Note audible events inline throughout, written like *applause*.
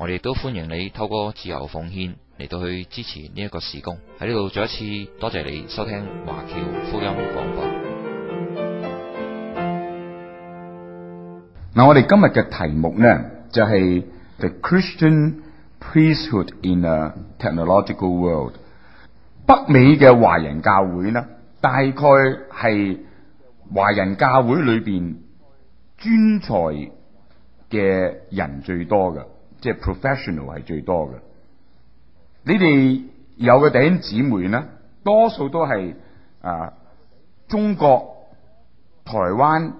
我哋都歡迎你透過自由奉獻嚟到去支持呢一個事工喺呢度。再一次多謝你收聽華僑福音廣播。嗱，我哋今日嘅題目呢，就係、是、The Christian Priesthood in a Technological World。北美嘅華人教會呢，大概係華人教會裏邊專才嘅人最多㗎。即係 professional 係最多嘅，你哋有嘅弟兄姊妹咧，多數都係啊、呃、中國台灣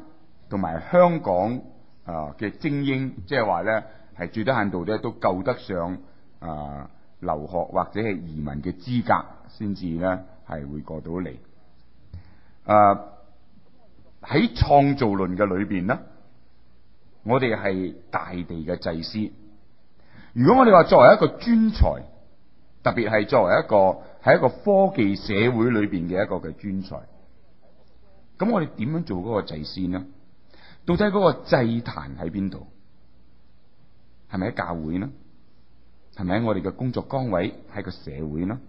同埋香港啊嘅、呃、精英，即係話咧係最低限度咧都夠得上啊、呃、留學或者係移民嘅資格，先至咧係會過到嚟。誒、呃。喺創造論嘅裏邊咧，我哋係大地嘅祭司。如果我哋話作為一個專才，特別係作為一個喺一個科技社會裏邊嘅一個嘅專才，咁我哋點樣做嗰個祭司呢？到底嗰個祭壇喺邊度？係咪喺教會呢？係咪喺我哋嘅工作崗位係個社會呢？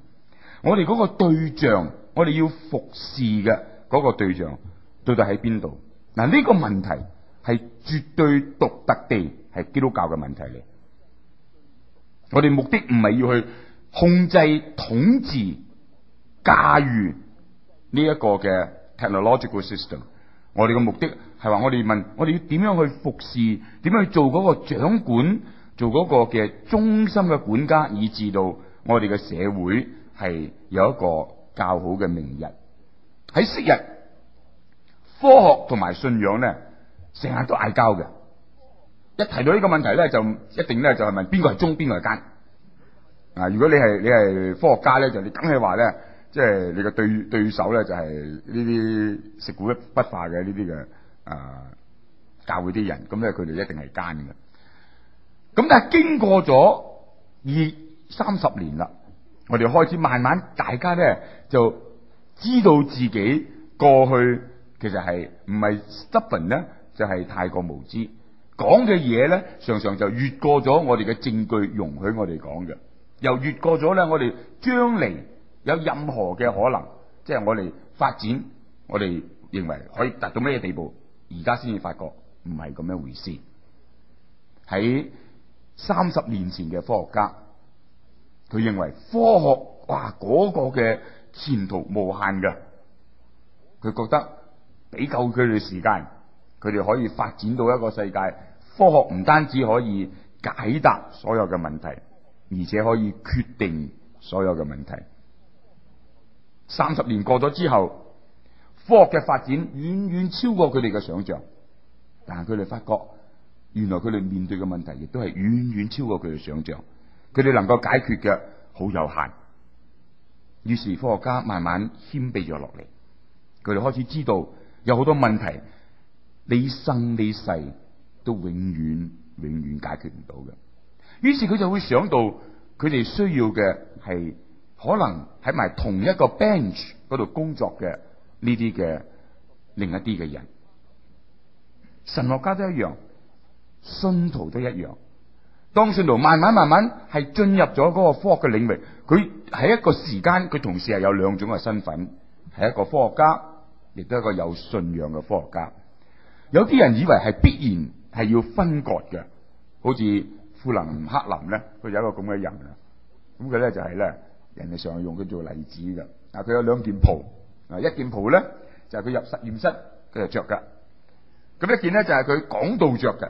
我哋嗰個對象，我哋要服侍嘅嗰個對象到底喺邊度？嗱，呢個問題係絕對獨特地係基督教嘅問題嚟。我哋目的唔係要去控制、統治、駕馭呢一個嘅 technological system。我哋嘅目的係話我哋問，我哋要點樣去服侍？點樣去做嗰個掌管？做嗰個嘅中心嘅管家，以至到我哋嘅社會係有一個較好嘅明日。喺昔日，科學同埋信仰咧，成日都嗌交嘅。一提到呢個問題咧，就一定咧就係問邊個係忠邊個係奸啊？如果你係你係科學家咧，就你梗係話咧，即係你嘅對對手咧就係呢啲食古不化嘅呢啲嘅，啊教會啲人咁咧，佢哋一定係奸嘅。咁但係經過咗二三十年啦，我哋開始慢慢大家咧就知道自己過去其實係唔係 stubborn 咧，就係太過無知。講嘅嘢呢，常常就越過咗我哋嘅證據容許我哋講嘅，又越過咗呢，我哋將來有任何嘅可能，即係我哋發展，我哋認為可以達到咩地步，而家先至發覺唔係咁樣回事。喺三十年前嘅科學家，佢認為科學哇嗰個嘅前途無限嘅，佢覺得俾夠佢哋時間，佢哋可以發展到一個世界。科學唔單止可以解答所有嘅問題，而且可以決定所有嘅問題。三十年過咗之後，科學嘅發展遠遠超過佢哋嘅想象，但係佢哋發覺原來佢哋面對嘅問題亦都係遠遠超過佢哋想象。佢哋能夠解決嘅好有限，於是科學家慢慢謙卑咗落嚟。佢哋開始知道有好多問題，你生你世，都永遠永遠解決唔到嘅，於是佢就會想到佢哋需要嘅係可能喺埋同一個 bench 嗰度工作嘅呢啲嘅另一啲嘅人，神學家都一樣，信徒都一樣。當信徒慢慢慢慢係進入咗嗰個科學嘅領域，佢喺一個時間，佢同時係有兩種嘅身份，係一個科學家，亦都係一個有信仰嘅科學家。有啲人以為係必然係要分割嘅，好似富林、克林咧，佢有一個咁嘅人啊。咁佢咧就係咧，人哋常用佢做例子噶。啊，佢有兩件袍，啊，一件袍咧就係、是、佢入實驗室，佢就着噶。咁一件咧就係佢講道着嘅。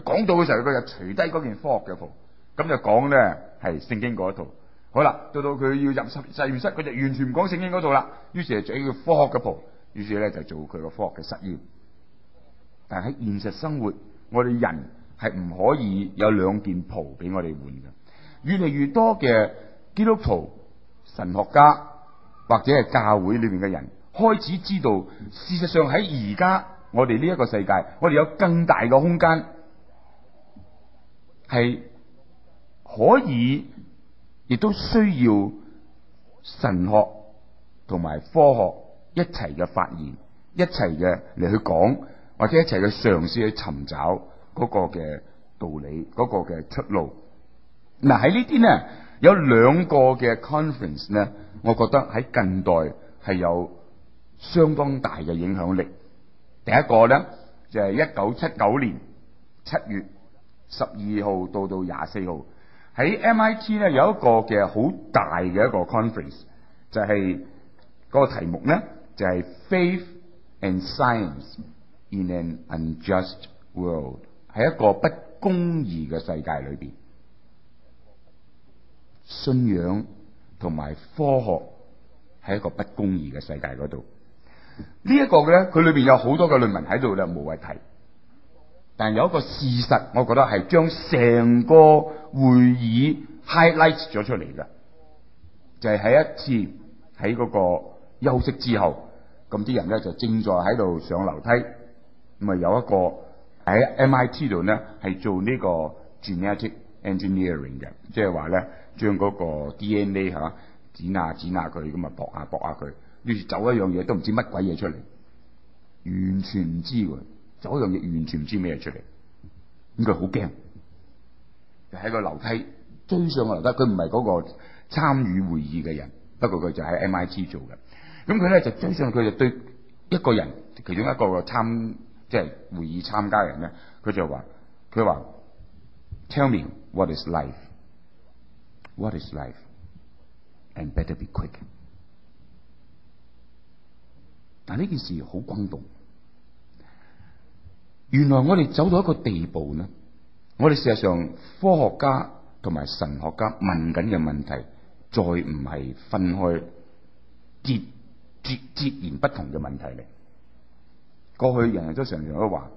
講道嘅時候，佢就除低嗰件科學嘅袍，咁就講咧係聖經嗰一套。好啦，到到佢要入實實驗室，佢就完全唔講聖經嗰套啦。於是就着佢科學嘅袍，於是咧就做佢個科學嘅實驗。但係喺現實生活，我哋人係唔可以有兩件袍俾我哋換嘅。越嚟越多嘅基督徒、神學家或者係教會裏面嘅人開始知道，事實上喺而家我哋呢一個世界，我哋有更大嘅空間係可以，亦都需要神學同埋科學一齊嘅發現，一齊嘅嚟去講。或者一齊去嘗試去尋找嗰個嘅道理，嗰、嗰個嘅出路。嗱、啊、喺呢啲咧有兩個嘅 conference 咧，我覺得喺近代係有相當大嘅影響力。第一個咧就係一九七九年七月十二號到到廿四號，喺 MIT 咧有一個嘅好大嘅一個 conference，就係嗰個題目咧就係、是、faith and science。In an unjust world，係一個不公義嘅世界裏邊，信仰同埋科學喺一個不公義嘅世界度。這個、呢一個咧，佢裏邊有好多嘅論文喺度咧，冇謂提。但有一個事實，我覺得係將成個會議 highlight 咗出嚟噶，就係、是、喺一次喺個個休息之後，咁啲人咧就正在喺度上樓梯。咁啊，有一個喺 MIT 度咧，係做這個、就是、呢個 genetic engineering 嘅，即係話咧，將嗰個 DNA 係嘛剪下剪下佢，咁啊搏下搏下佢，跟住走一樣嘢都唔知乜鬼嘢出嚟，完全唔知喎，走一樣嘢完全唔知咩嘢出嚟，咁佢好驚，就喺個樓梯追上個樓梯，佢唔係嗰個參與會議嘅人，不過佢就喺 MIT 做嘅，咁佢咧就追上去，佢就對一個人，其中一個個參。嗯即係會議參加人咧，佢就話：佢話，Tell me what is life？What is life？And better be quick！但呢件事好轟動，原來我哋走到一個地步呢，我哋事實上科學家同埋神學家問緊嘅問題，再唔係分開截截截然不同嘅問題嚟。過去人人都常常都話，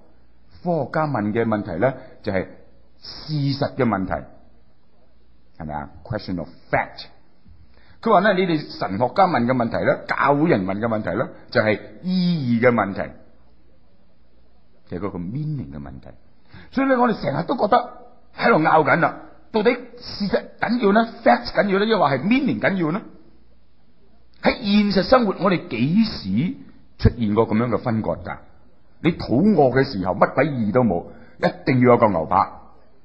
科學家問嘅問題咧就係事實嘅問題，係咪啊？question of fact。佢話咧，你哋神學家問嘅問題咧，教會人問嘅問題咧，就係意義嘅問題，就係嗰個 meaning 嘅問題。所以咧，我哋成日都覺得喺度拗緊啦，到底事實緊要咧，fact 緊要咧，抑或係 meaning 緊要咧？喺現實生活，我哋幾時出現過咁樣嘅分割噶？你肚餓嘅時候，乜鬼意義都冇，一定要有嚿牛扒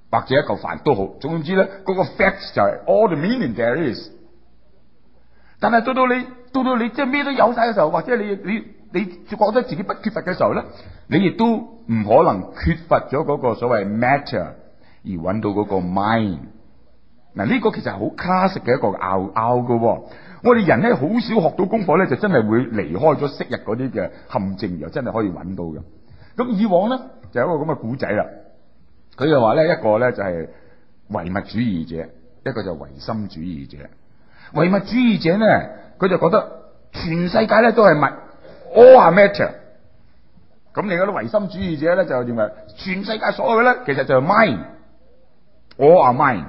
或者一嚿飯都好。總之咧，嗰個 facts 就係 all the meaning there is 但。但係到到你到到你即係咩都有晒嘅時候，或者你你你覺得自己不缺乏嘅時候咧，你亦都唔可能缺乏咗嗰個所謂 matter 而揾到嗰個 mind。嗱，呢個其實係好 classic 嘅一個拗拗嘅喎。我哋人咧好少學到功課咧，就真係會離開咗昔日嗰啲嘅陷阱，又真係可以揾到嘅。咁以往咧就有一個咁嘅古仔啦。佢就話咧，一個咧就係唯物主義者，一個就係唯心主義者。唯物主義者咧，佢就覺得全世界咧都係物，all are matter。咁你嗰啲唯心主義者咧就認為，全世界所有咧其實就係 mind，all are mind。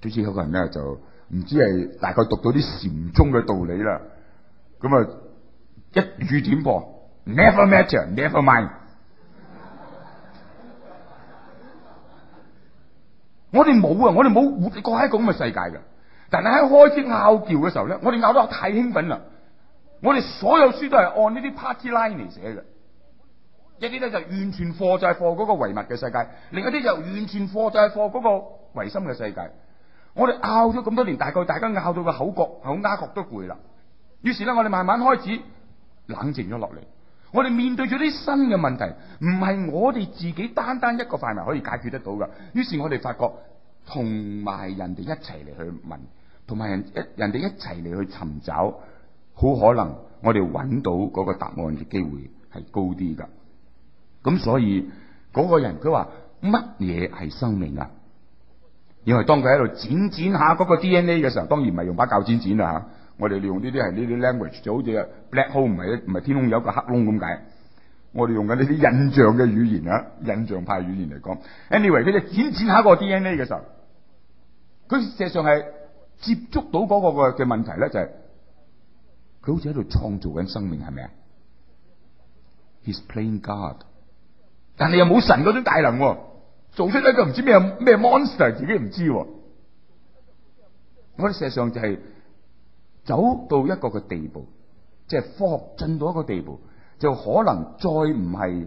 總之嗰個人咧就。唔知係大概讀到啲禪宗嘅道理啦，咁啊一語點破，Never matter，Never mind。 *laughs* 我哋冇啊，我哋冇活過喺個咁嘅世界噶。但係喺開始拗撬嘅時候咧，我哋拗得太興奮啦。我哋所有書都係按呢啲 party line 嚟寫嘅，一啲咧就完全貨就係貨個唯物嘅世界，另一啲就完全貨就係貨個唯心嘅世界。我哋拗咗咁多年，大概大家拗到個口角、口丫角都攰啦。於是咧，我哋慢慢開始冷靜咗落嚟。我哋面對咗啲新嘅問題，唔係我哋自己單單一個範圍可以解決得到噶。於是我哋發覺，同埋人哋一齊嚟去問，同埋人一、人哋一齊嚟去尋找，好可能我哋揾到嗰個答案嘅機會係高啲噶。咁所以嗰、嗰個人佢話乜嘢係生命啊？因為當佢喺度剪剪下嗰個 D N A 嘅時候，當然唔係用把鉸剪剪啦吓、啊，我哋利用呢啲係呢啲 language，就好似 black hole 唔係唔係天空有一個黑窿咁解。我哋用緊呢啲印象嘅語言啊，印象派語言嚟講。Anyway，佢就剪剪下嗰個 D N A 嘅時候，佢事實上係接觸到嗰個嘅嘅問題咧、就是，就係佢好似喺度創造緊生命，係咪啊？He’s playing God，但係又冇神嗰種大能。做出咧？佢唔知咩咩 monster，自己唔知。我哋事實上就係走到一個嘅地步，即係科學進到一個地步，就可能再唔係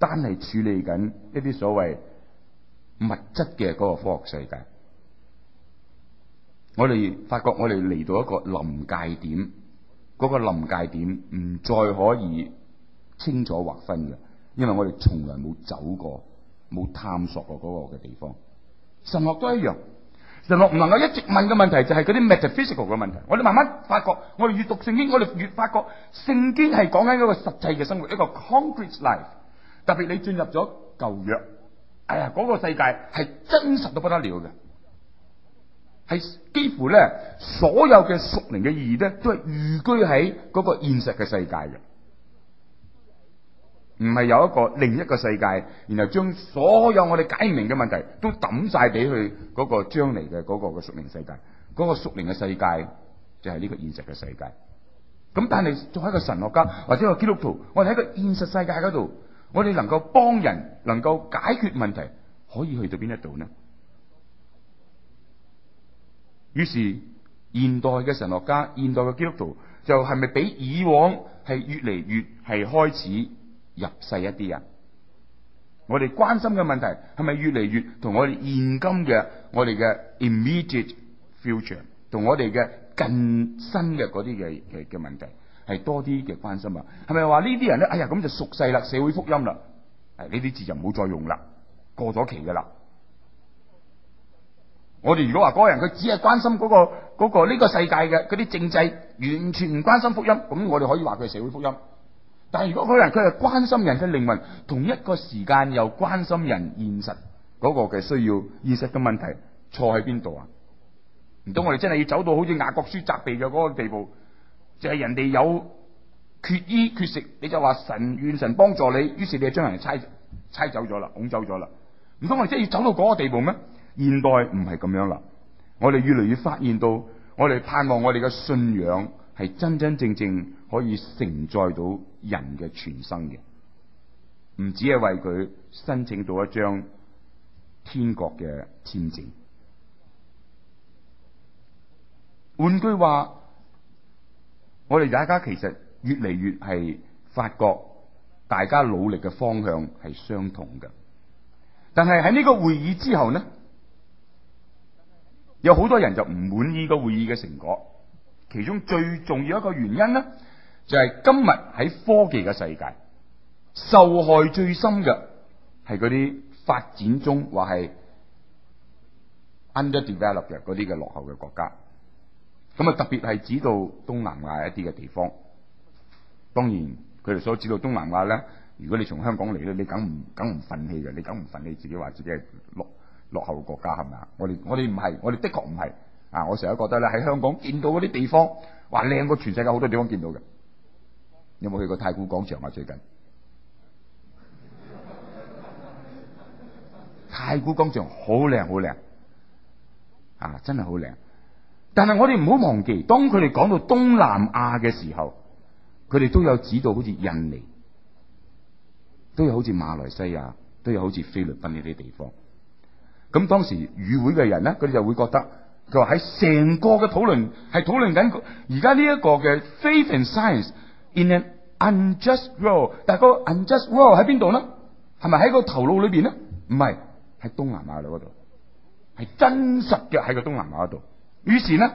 單係處理緊一啲所謂物質嘅個科學世界。我哋發覺我哋嚟到一個臨界點，嗰個臨界點唔再可以清楚劃分嘅，因為我哋從來冇走過。冇探索過嗰個嘅地方，神學都一樣。神學唔能夠一直問嘅問題就係嗰啲 metaphysical 嘅問題。我哋慢慢發覺，我哋越讀聖經，我哋越發覺聖經係講緊一個實際嘅生活，一個 concrete life。特別你進入咗舊約，哎呀，嗰個世界係真實到不得了嘅，係幾乎咧所有嘅屬靈嘅意義咧，都係寓居喺嗰個現實嘅世界嘅。唔係有一個另一個世界，然後將所有我哋解唔明嘅問題都抌晒俾去嗰個將嚟嘅嗰個嘅屬靈世界。嗰、那個屬靈嘅世界就係、是、呢個現實嘅世界。咁但係作為一個神學家或者一個基督徒，我哋喺個現實世界嗰度，我哋能夠幫人，能夠解決問題，可以去到邊一度呢？於是現代嘅神學家、現代嘅基督徒，就係、是、咪比以往係越嚟越係開始？入世一啲啊！我哋關心嘅問題係咪越嚟越同我哋現今嘅我哋嘅 immediate future 同我哋嘅近新嘅嗰啲嘅嘅嘅問題係多啲嘅關心啊？係咪話呢啲人咧？哎呀，咁就俗世啦，社會福音啦，誒，呢啲字就唔好再用啦，過咗期噶啦。我哋如果話嗰個人佢只係關心嗰個嗰個呢個世界嘅嗰啲政制，完全唔關心福音，咁我哋可以話佢係社會福音。但係如果嗰個人佢係關心人嘅靈魂，同一個時間又關心人現實嗰個嘅需要意識嘅問題，錯喺邊度啊？唔通我哋真係要走到好似雅各書責備嘅嗰個地步，就係、是、人哋有缺衣缺食，你就話神願神幫助你，於是你就將人哋拆猜，猜走咗啦，拱走咗啦？唔通我哋真係要走到嗰個地步咩？現代唔係咁樣啦，我哋越嚟越發現到，我哋盼望我哋嘅信仰係真真正正。可以承載到人嘅全身嘅，唔止係為佢申請到一張天國嘅簽證。換句話，我哋大家其實越嚟越係發覺大家努力嘅方向係相同嘅，但係喺呢個會議之後呢，有好多人就唔滿意這個會議嘅成果，其中最重要一個原因呢，就係今日喺科技嘅世界，受害最深嘅係嗰啲發展中話係 underdevelop 嘅嗰啲嘅落後嘅國家。咁啊，特別係指到東南亞一啲嘅地方。當然，佢哋所指到東南亞咧，如果你從香港嚟咧，你梗唔梗唔忿氣嘅，你梗唔忿氣自己話自己係落落後嘅國家係咪啊？我哋我哋唔係，我哋的確唔係啊！我成日覺得咧，喺香港見到嗰啲地方，話靚過全世界好多地方見到嘅。有冇去過太古廣場啊？最近太古廣場好靚，好靚啊！真係好靚。但係我哋唔好忘記，當佢哋講到東南亞嘅時候，佢哋都有指到好似印尼，都有好似馬來西亞，都有好似菲律賓呢啲地方。咁當時與會嘅人咧，佢哋就會覺得，佢話喺成個嘅討論，係討論緊而家呢一個嘅 faith and science in an unjust world 但係個 unjust world 喺邊度呢？係咪喺個頭腦裏邊呢？唔係喺東南亞嗰度，係真實嘅喺個東南亞度。於是呢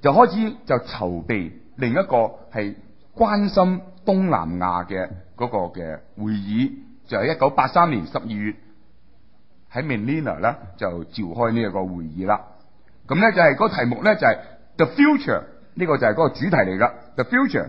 就開始就籌備另一個係關心東南亞嘅嗰個嘅會議，就係一九八三年十二月喺 Manila 咧就召開呢一個會議啦。咁咧就係個題目咧就係、是、The Future 呢個就係嗰個主題嚟噶 The Future。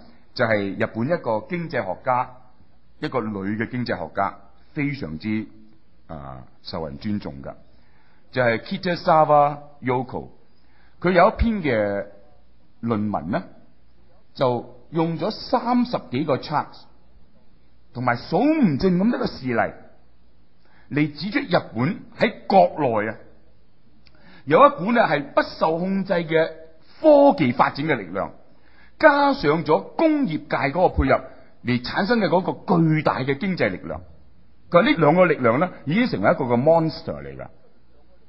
就係日本一個經濟學家，一個女嘅經濟學家，非常之啊、呃、受人尊重噶。就係、是、Kita Sava Yoko，佢有一篇嘅論文咧，就用咗三十幾個 charts 同埋數唔正咁一個事例，嚟指出日本喺國內啊有一股咧係不受控制嘅科技發展嘅力量。加上咗工業界嗰個配合，而產生嘅嗰個巨大嘅經濟力量，佢話呢兩個力量咧已經成為一個個 monster 嚟㗎，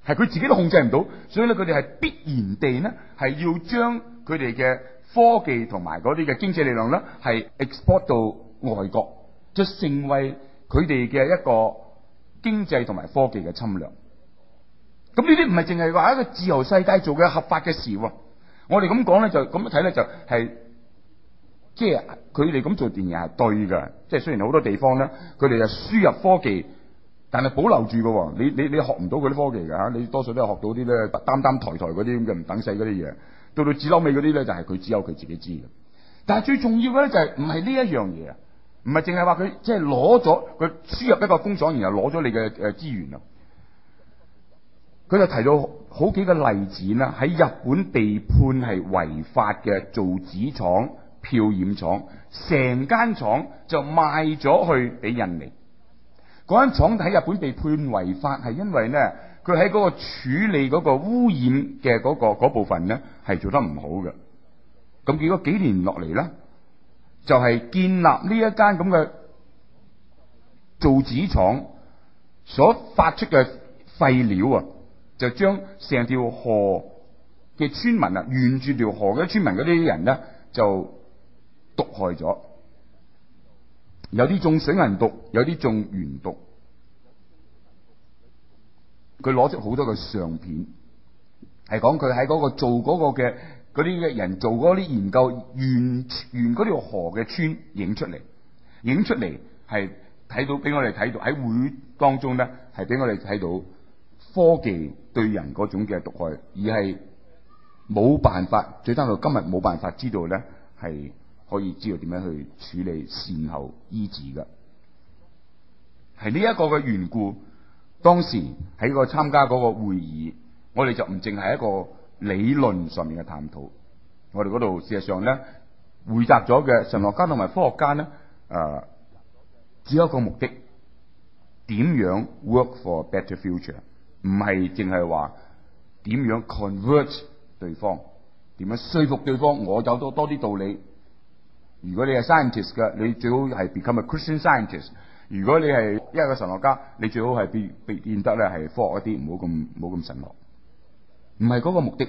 係佢自己都控制唔到，所以咧佢哋係必然地咧係要將佢哋嘅科技同埋嗰啲嘅經濟力量咧係 export 到外國，就成為佢哋嘅一個經濟同埋科技嘅侵略。咁呢啲唔係淨係話一個自由世界做嘅合法嘅事喎。我哋咁講咧，就咁一睇咧，就係即係佢哋咁做電影係對嘅，即係雖然好多地方咧，佢哋係輸入科技，但係保留住㗎。你你你學唔到佢啲科技嘅，你多數都係學到啲咧擔擔抬抬嗰啲咁嘅唔等世嗰啲嘢。到到至嬲尾嗰啲咧，就係佢只有佢自己知嘅。但係最重要嘅咧，就係唔係呢一樣嘢啊？唔係淨係話佢即係攞咗佢輸入一個工廠，然後攞咗你嘅誒資源。佢就提到好幾個例子啦，喺日本被判係違法嘅造紙廠、漂染廠，成間廠就賣咗去俾印尼。嗰間廠喺日本被判違法，係因為呢，佢喺嗰個處理嗰個污染嘅嗰、嗰個嗰部分呢，係做得唔好嘅。咁結果幾年落嚟呢，就係、是、建立呢一間咁嘅造紙廠所發出嘅廢料啊！就將成條河嘅村民啊，沿住條河嘅村民嗰啲人咧，就毒害咗。有啲中水銀毒，有啲中鉛毒。佢攞出好多嘅相片，係講佢喺嗰個做嗰個嘅嗰啲嘅人做嗰啲研究沿沿嗰條河嘅村影出嚟，影出嚟係睇到俾我哋睇到喺會當中咧，係俾我哋睇到。科技對人嗰種嘅毒害，而係冇辦法，最爭在今日冇辦法知道咧，係可以知道點樣去處理善後醫治嘅。係呢一個嘅緣故，當時喺個參加嗰個會議，我哋就唔淨係一個理論上面嘅探討，我哋嗰度事實上咧，匯集咗嘅神學家同埋科學家咧，誒、呃，只有一個目的，點樣 work for better future？唔係淨係話點樣 convert 對方，點樣說服對方？我有多多啲道理。如果你係 scientist 嘅，你最好係 become a Christian scientist。如果你係一個神學家，你最好係變變變得咧係科學一啲，唔好咁，唔好咁神學。唔係嗰個目的，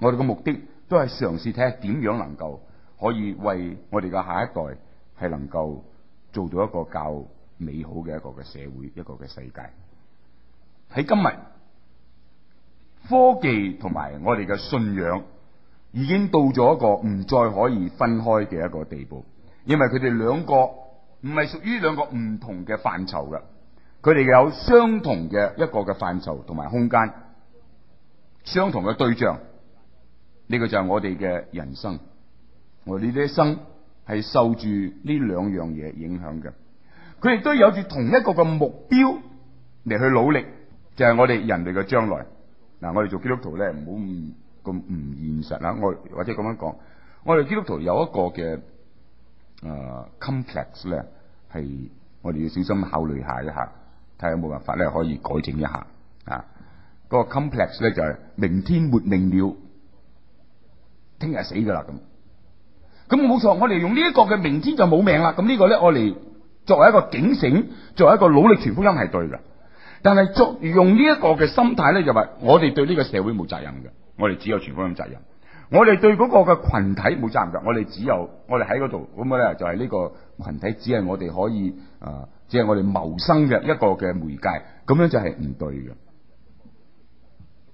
我哋嘅目的都係嘗試睇下點樣能夠可以為我哋嘅下一代係能夠做到一個較美好嘅一個嘅社會，一個嘅世界。喺今日，科技同埋我哋嘅信仰已經到咗一個唔再可以分開嘅一個地步，因為佢哋兩個唔係屬於兩個唔同嘅範疇嘅，佢哋有相同嘅一個嘅範疇同埋空間，相同嘅對象，呢個就係我哋嘅人生，我哋呢一生係受住呢兩樣嘢影響嘅，佢哋都有住同一個嘅目標嚟去努力。就係我哋人類嘅將來嗱，我哋做基督徒咧，唔好咁唔現實啦。我或者咁樣講，我哋基督徒有一個嘅誒 complex 咧，係我哋要小心考慮下一下，睇下有冇辦法咧可以改正一下啊。那個 complex 咧，就係明天沒命了，聽日死噶啦咁。咁冇錯，我哋用呢一個嘅明天就冇命啦。咁、這、呢個咧，我哋作為一個警醒，作為一個努力傳福音係對噶。但係作用這呢一個嘅心態咧，就話、是、我哋對呢個社會冇責任嘅，我哋只有全方款責任。我哋對嗰個嘅群體冇責任嘅，我哋只有我哋喺嗰度咁咧，就係、是、呢個群體只係我哋可以啊、呃，只係我哋謀生嘅一個嘅媒介。咁樣就係唔對嘅。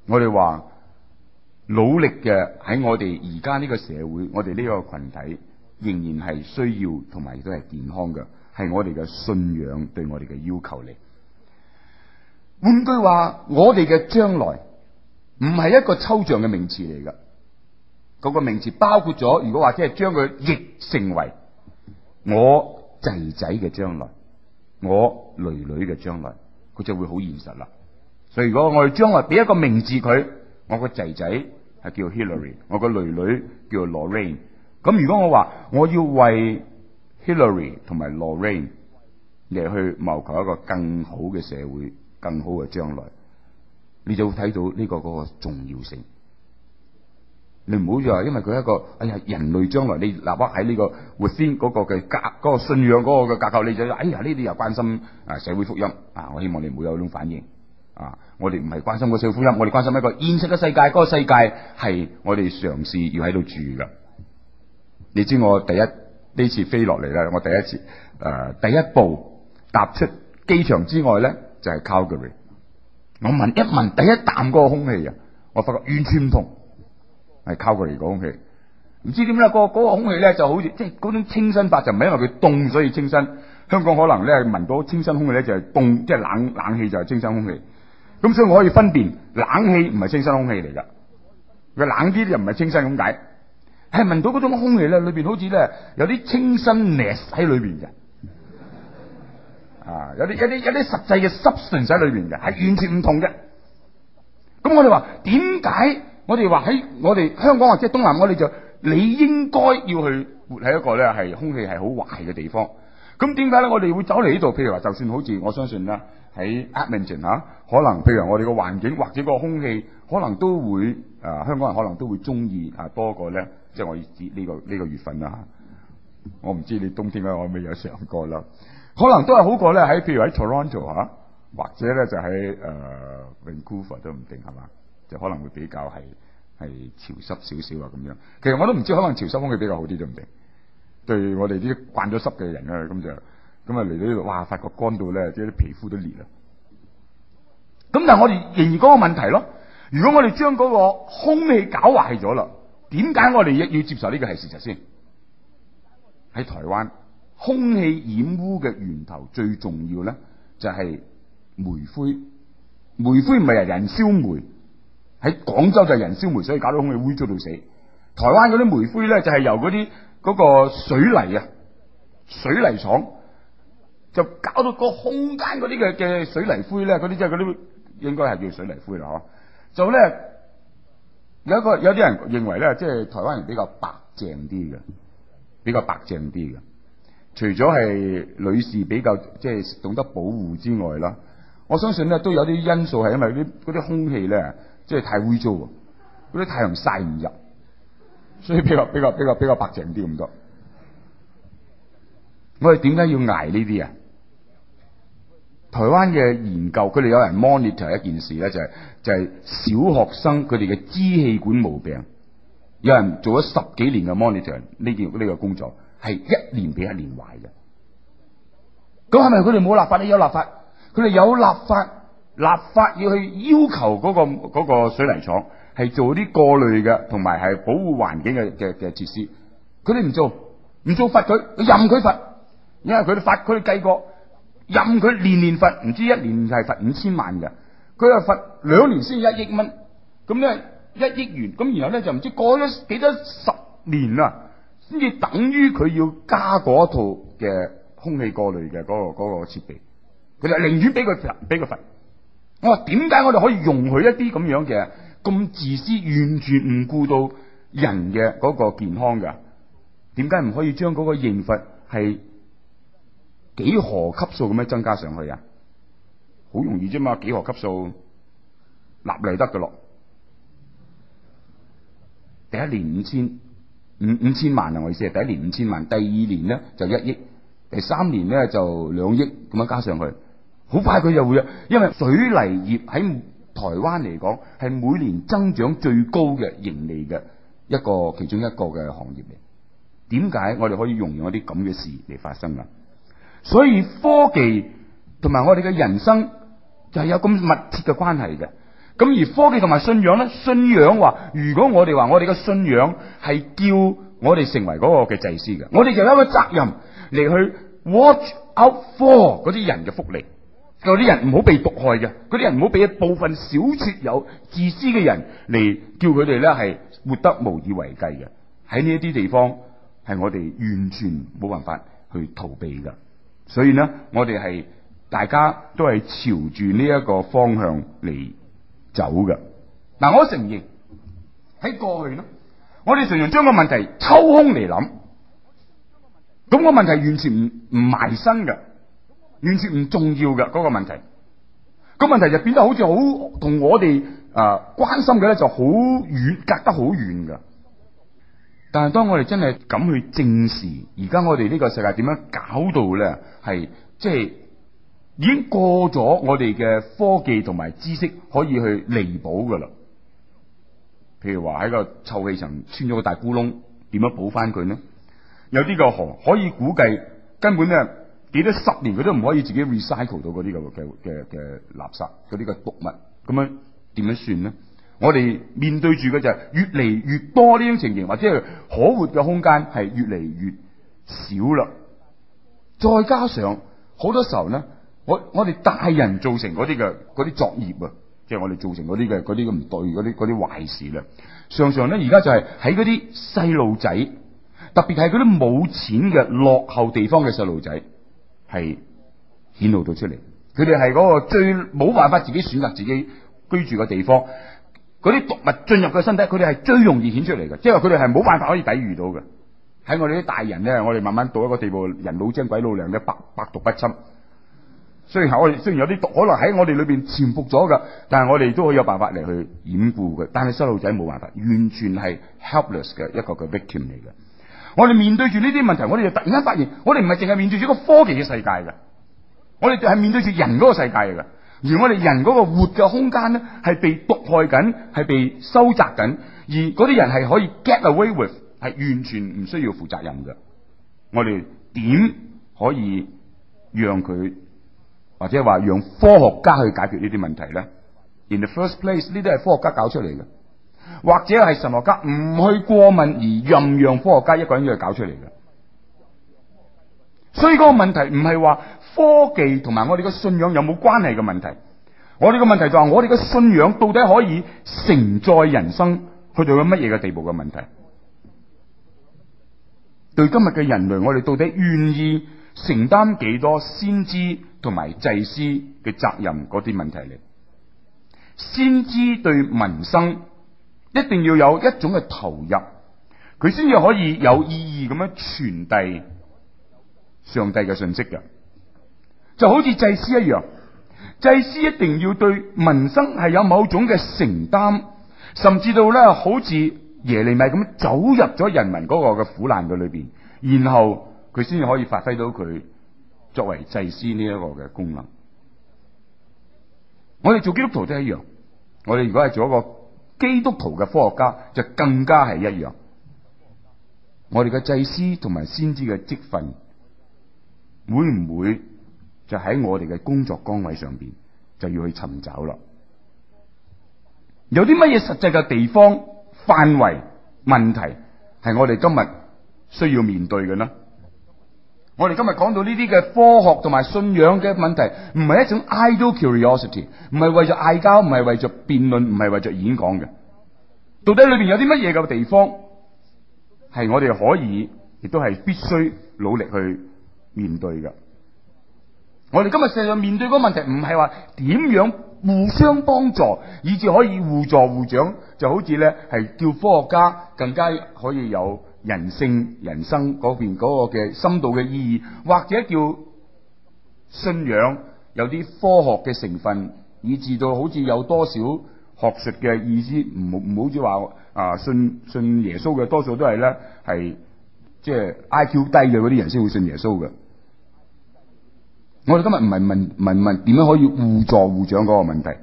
我哋話努力嘅喺我哋而家呢個社會，我哋呢個群體仍然係需要同埋亦都係健康嘅，係我哋嘅信仰對我哋嘅要求嚟。換句話，我哋嘅將來唔係一個抽象嘅名詞嚟噶。嗰個名詞包括咗，如果或者係將佢譯成為我仔仔嘅將來，我女女嘅將來，佢就會好現實啦。所以，如果我哋將來俾一個名字佢，我個仔仔係叫 Hillary，我個女女叫 Lorraine。咁如果我話我要為 Hillary 同埋 Lorraine 嚟去謀求一個更好嘅社會。更好嘅將來，你就會睇到呢個嗰個重要性。你唔好就話，因為佢一個哎呀人類將來你立不喺呢個活先個嘅格、嗰個信仰嗰個嘅架構，你就話哎呀呢啲又關心社會福音啊！我希望你唔會有一種反應啊！我哋唔係關心個社會福音，我哋關心一個現實嘅世界。嗰個世界係我哋嘗試要喺度住噶。你知我第一呢次飛落嚟啦，我第一次誒、呃、第一步踏出機場之外咧。就係 Calgary，我聞一聞第一啖嗰個空氣啊，我發覺完全唔同，係 Calgary 嗰個空氣。唔知點咧，嗰、嗰、嗰、個嗰個空氣咧就好似即係嗰種清新法，就唔係因為佢凍所以清新。香港可能咧聞到清新空氣咧就係凍，即、就、係、係、冷冷，冷氣就係清新空氣。咁所以我可以分辨冷氣唔係清新空氣嚟㗎，佢冷啲又唔係清新咁解，係聞到嗰種空氣咧，裏邊好似咧有啲清新 ness 喺裏邊嘅。啊！有啲有啲有啲實際嘅 substance 喺裏邊嘅，係完全唔同嘅。咁我哋話點解？我哋話喺我哋香港或者東南，我哋就你應該要去活喺一個咧係空氣係好壞嘅地方。咁點解咧？我哋會走嚟呢度？譬如話，就算好似我相信啦，喺 Edmonton 可能譬如我哋個環境或者個空氣，可能都會、啊、香港人可能都會中意啊多過咧，即係我知呢個呢個月份啦嚇、啊。我唔知你冬天咧，我未有上過啦。可能都係好過咧，喺譬如喺 Toronto 吓、啊，或者咧就喺、呃、Vancouver 都唔定係嘛，就可能會比較係係潮濕少少啊咁樣。其實我都唔知，可能潮濕空氣比較好啲都唔定。對我哋啲慣咗濕嘅人咧，咁就咁啊嚟到呢度，哇！發覺乾到咧，即係啲皮膚都裂啦。咁但係我哋仍然講個問題咯。如果我哋將嗰個空氣搞壞咗啦，點解我哋要要接受呢個係事實先？喺台灣。空氣染污嘅源頭最重要咧，就係煤灰。煤灰唔係人人燒煤，喺廣州就係人燒煤，所以搞到空氣污糟到死。台灣嗰啲煤灰咧就係由嗰啲嗰個水泥啊，水泥廠就搞到個空間嗰啲嘅嘅水泥灰咧，嗰啲即係嗰啲應該係叫水泥灰啦。嗬，就咧有一個有啲人認為咧，即係台灣人比較白淨啲嘅，比較白淨啲嘅。除咗係女士比較即係懂得保護之外啦，我相信咧都有啲因素係因為啲嗰啲空氣咧即係太污糟，嗰啲太陽曬唔入，所以比較比較比較比較白淨啲咁多。我哋點解要捱呢啲啊？台灣嘅研究，佢哋有人 monitor 一件事咧，就係就係小學生佢哋嘅支氣管毛病，有人做咗十幾年嘅 monitor 呢件呢個工作。係一年比一年壞嘅，咁係咪佢哋冇立法？你有立法，佢哋有立法，立法要去要求嗰個嗰個水泥廠係做啲過濾嘅，同埋係保護環境嘅嘅嘅設施，佢哋唔做，唔做罰佢，任佢罰，因為佢哋罰，佢哋計過，任佢年年罰，唔知一年就係罰五千萬嘅，佢又罰兩年先一億蚊，咁咧一億元，咁然後咧就唔知過咗幾多十年啦。先至等於佢要加一嗰套嘅空氣過濾嘅嗰個設備，佢就寧願俾佢罰，俾佢罰。我話點解我哋可以容許一啲咁樣嘅咁自私、完全唔顧到人嘅嗰個健康㗎？點解唔可以將嗰個刑罰係幾何級數咁樣增加上去啊？好容易啫嘛，幾何級數納嚟得噶咯，第一年五千。五五千萬啊！我意思係第一年五千萬，第二年咧就一億，第三年咧就兩億，咁樣加上去，好快佢就會，因為水泥業喺台灣嚟講係每年增長最高嘅盈利嘅一個其中一個嘅行業嚟。點解我哋可以容忍一啲咁嘅事嚟發生啊？所以科技同埋我哋嘅人生就係有咁密切嘅關係嘅。咁而科技同埋信仰咧，信仰話：如果我哋話我哋嘅信仰係叫我哋成為嗰個嘅祭司嘅，我哋就有一個責任嚟去 watch out for 嗰啲人嘅福利，嗰啲人唔好被毒害嘅，嗰啲人唔好俾一部分小撮有自私嘅人嚟叫佢哋咧係活得無以為繼嘅。喺呢一啲地方係我哋完全冇辦法去逃避嘅，所以咧我哋係大家都係朝住呢一個方向嚟走嘅嗱，我承認喺過去咯，我哋常常將個問題抽空嚟諗，咁、那個問題完全唔唔埋身嘅，完全唔重要嘅嗰、那個問題，那個問題就變得好似好同我哋誒、呃、關心嘅咧，就好遠隔得好遠噶。但係當我哋真係敢去正視，而家我哋呢個世界點樣搞到咧，係即係。就是已經過咗我哋嘅科技同埋知識可以去彌補噶啦。譬如話喺個臭氧層穿咗個大窟窿，點樣補翻佢呢？有啲個河可以估計根本呢幾多十年佢都唔可以自己 recycle 到嗰啲嘅嘅嘅嘅垃圾，嗰啲嘅毒物，咁樣點樣算呢？我哋面對住嘅就係越嚟越多呢種情形，或者係可活嘅空間係越嚟越少啦。再加上好多時候呢，我我哋大人造成嗰啲嘅嗰啲作業啊，即係我哋造成嗰啲嘅嗰啲咁唔對嗰啲嗰啲壞事啦。常常咧，而家就係喺嗰啲細路仔，特別係嗰啲冇錢嘅落後地方嘅細路仔，係顯露到出嚟。佢哋係嗰個最冇辦法自己選擇自己居住嘅地方，嗰啲毒物進入個身體，佢哋係最容易顯出嚟嘅，即係話佢哋係冇辦法可以抵禦到嘅。喺我哋啲大人咧，我哋慢慢到一個地步，人老精鬼老涼嘅百百毒不侵。雖然我哋雖然有啲毒可能喺我哋裏邊潛伏咗噶但係我哋都可以有辦法嚟去掩護佢。但係細路仔冇辦法，完全係 helpless 嘅一個嘅 victim 嚟嘅。我哋面對住呢啲問題，我哋就突然間發現，我哋唔係淨係面對住個科技嘅世界噶，我哋就係面對住人嗰個世界嚟噶。而我哋人嗰個活嘅空間咧，係被毒害緊，係被收窄緊，而嗰啲人係可以 get away with，係完全唔需要負責任嘅。我哋點可以讓佢？或者話讓科學家去解決呢啲問題咧。In the first place，呢啲係科學家搞出嚟嘅，或者係神學家唔去過問而任讓科學家一個人去搞出嚟嘅。所以嗰個問題唔係話科技同埋我哋嘅信仰有冇關係嘅問題，我哋個問題就係我哋嘅信仰到底可以承載人生去到咗乜嘢嘅地步嘅問題？對今日嘅人類，我哋到底願意承擔幾多先知同埋祭司嘅責任嗰啲問題嚟，先知對民生一定要有一種嘅投入，佢先至可以有意義咁樣傳遞上帝嘅信息㗎。就好似祭司一樣，祭司一定要對民生係有某種嘅承擔，甚至到咧好似耶利米咁走入咗人民嗰個嘅苦難嘅裏邊，然後佢先至可以發揮到佢。作為祭司呢一個嘅功能，我哋做基督徒都一樣。我哋如果係做一個基督徒嘅科學家，就更加係一樣。我哋嘅祭司同埋先知嘅職分，會唔會就喺我哋嘅工作崗位上邊就要去尋找啦？有啲乜嘢實際嘅地方、範圍、問題，係我哋今日需要面對嘅呢？我哋今日講到呢啲嘅科學同埋信仰嘅問題，唔係一種 idle curiosity，唔係為咗嗌交，唔係為咗辯論，唔係為咗演講嘅。到底裏邊有啲乜嘢嘅地方，係我哋可以，亦都係必須努力去面對嘅。我哋今日事實上面對嗰個問題，唔係話點樣互相幫助，以至可以互助互長，就好似咧係叫科學家更加可以有。人性、人生邊個嘅深度嘅意義，或者叫信仰有啲科學嘅成分，以致到好似有多少學術嘅意思，唔好唔好只話啊信信耶穌嘅多數都係咧係即係 I.Q. 低嘅啲人先會信耶穌嘅。我哋今日唔係問問問點樣可以互助互長個問題，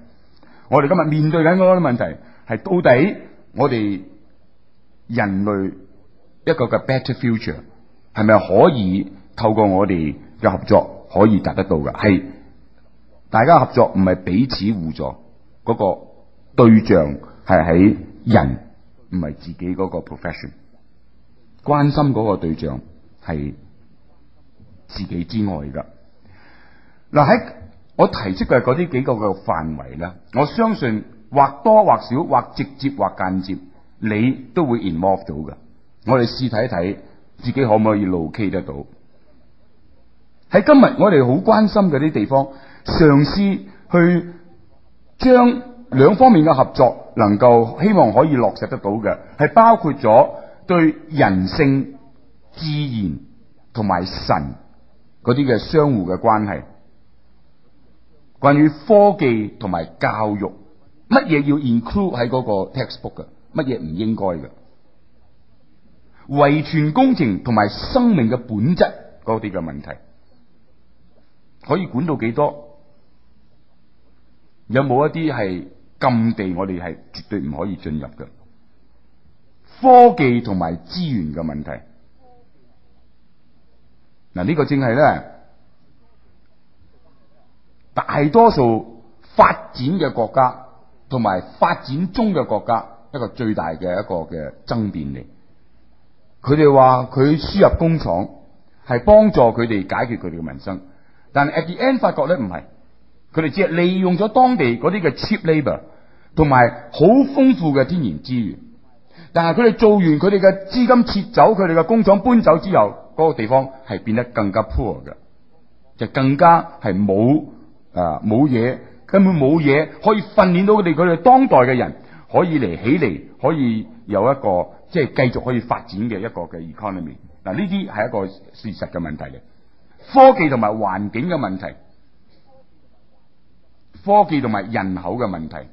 我哋今日面對緊嗰個問題，係到底我哋人類。一個嘅 better future 係咪可以透過我哋嘅合作可以達得到嘅？係大家合作唔係彼此互助個，嗰個對象係喺人，唔係自己個 profession，關心個個對象係自己之外㗎嗱。喺我提出嘅啲幾個嘅範圍咧，我相信或多或少或直接或間接，你都會 involve 到嘅。我哋試睇一睇自己可唔可以 locate 得到？喺今日，我哋好關心嗰啲地方，嘗試去將兩方面嘅合作，能夠希望可以落實得到嘅，係包括咗對人性、自然同埋神嗰啲嘅相互嘅關係。關於科技同埋教育，乜嘢要 include 喺嗰個 textbook 嘅？乜嘢唔應該嘅？遺傳工程同埋生命嘅本質嗰啲嘅問題，可以管到幾多？有冇一啲係禁地？我哋係絕對唔可以進入嘅。科技同埋資源嘅問題，嗱呢個正係咧，大多數發展嘅國家同埋發展中嘅國家一個最大嘅一個嘅爭辯嚟。佢哋話：佢輸入工廠係幫助佢哋解決佢哋嘅民生，但係 at the end 發覺咧唔係，佢哋只係利用咗當地嗰啲嘅 cheap labor 同埋好豐富嘅天然資源。但係佢哋做完佢哋嘅資金撤走，佢哋嘅工廠搬走之後，嗰個地方係變得更加 poor 嘅，就更加係冇啊冇嘢，根本冇嘢可以訓練到佢哋，佢哋當代嘅人可以嚟起嚟，可以有一個。即係繼續可以發展嘅一個嘅 economy 嗱，呢啲係一個事實嘅問題。科技同埋環境嘅問題，科技同埋人口嘅問題，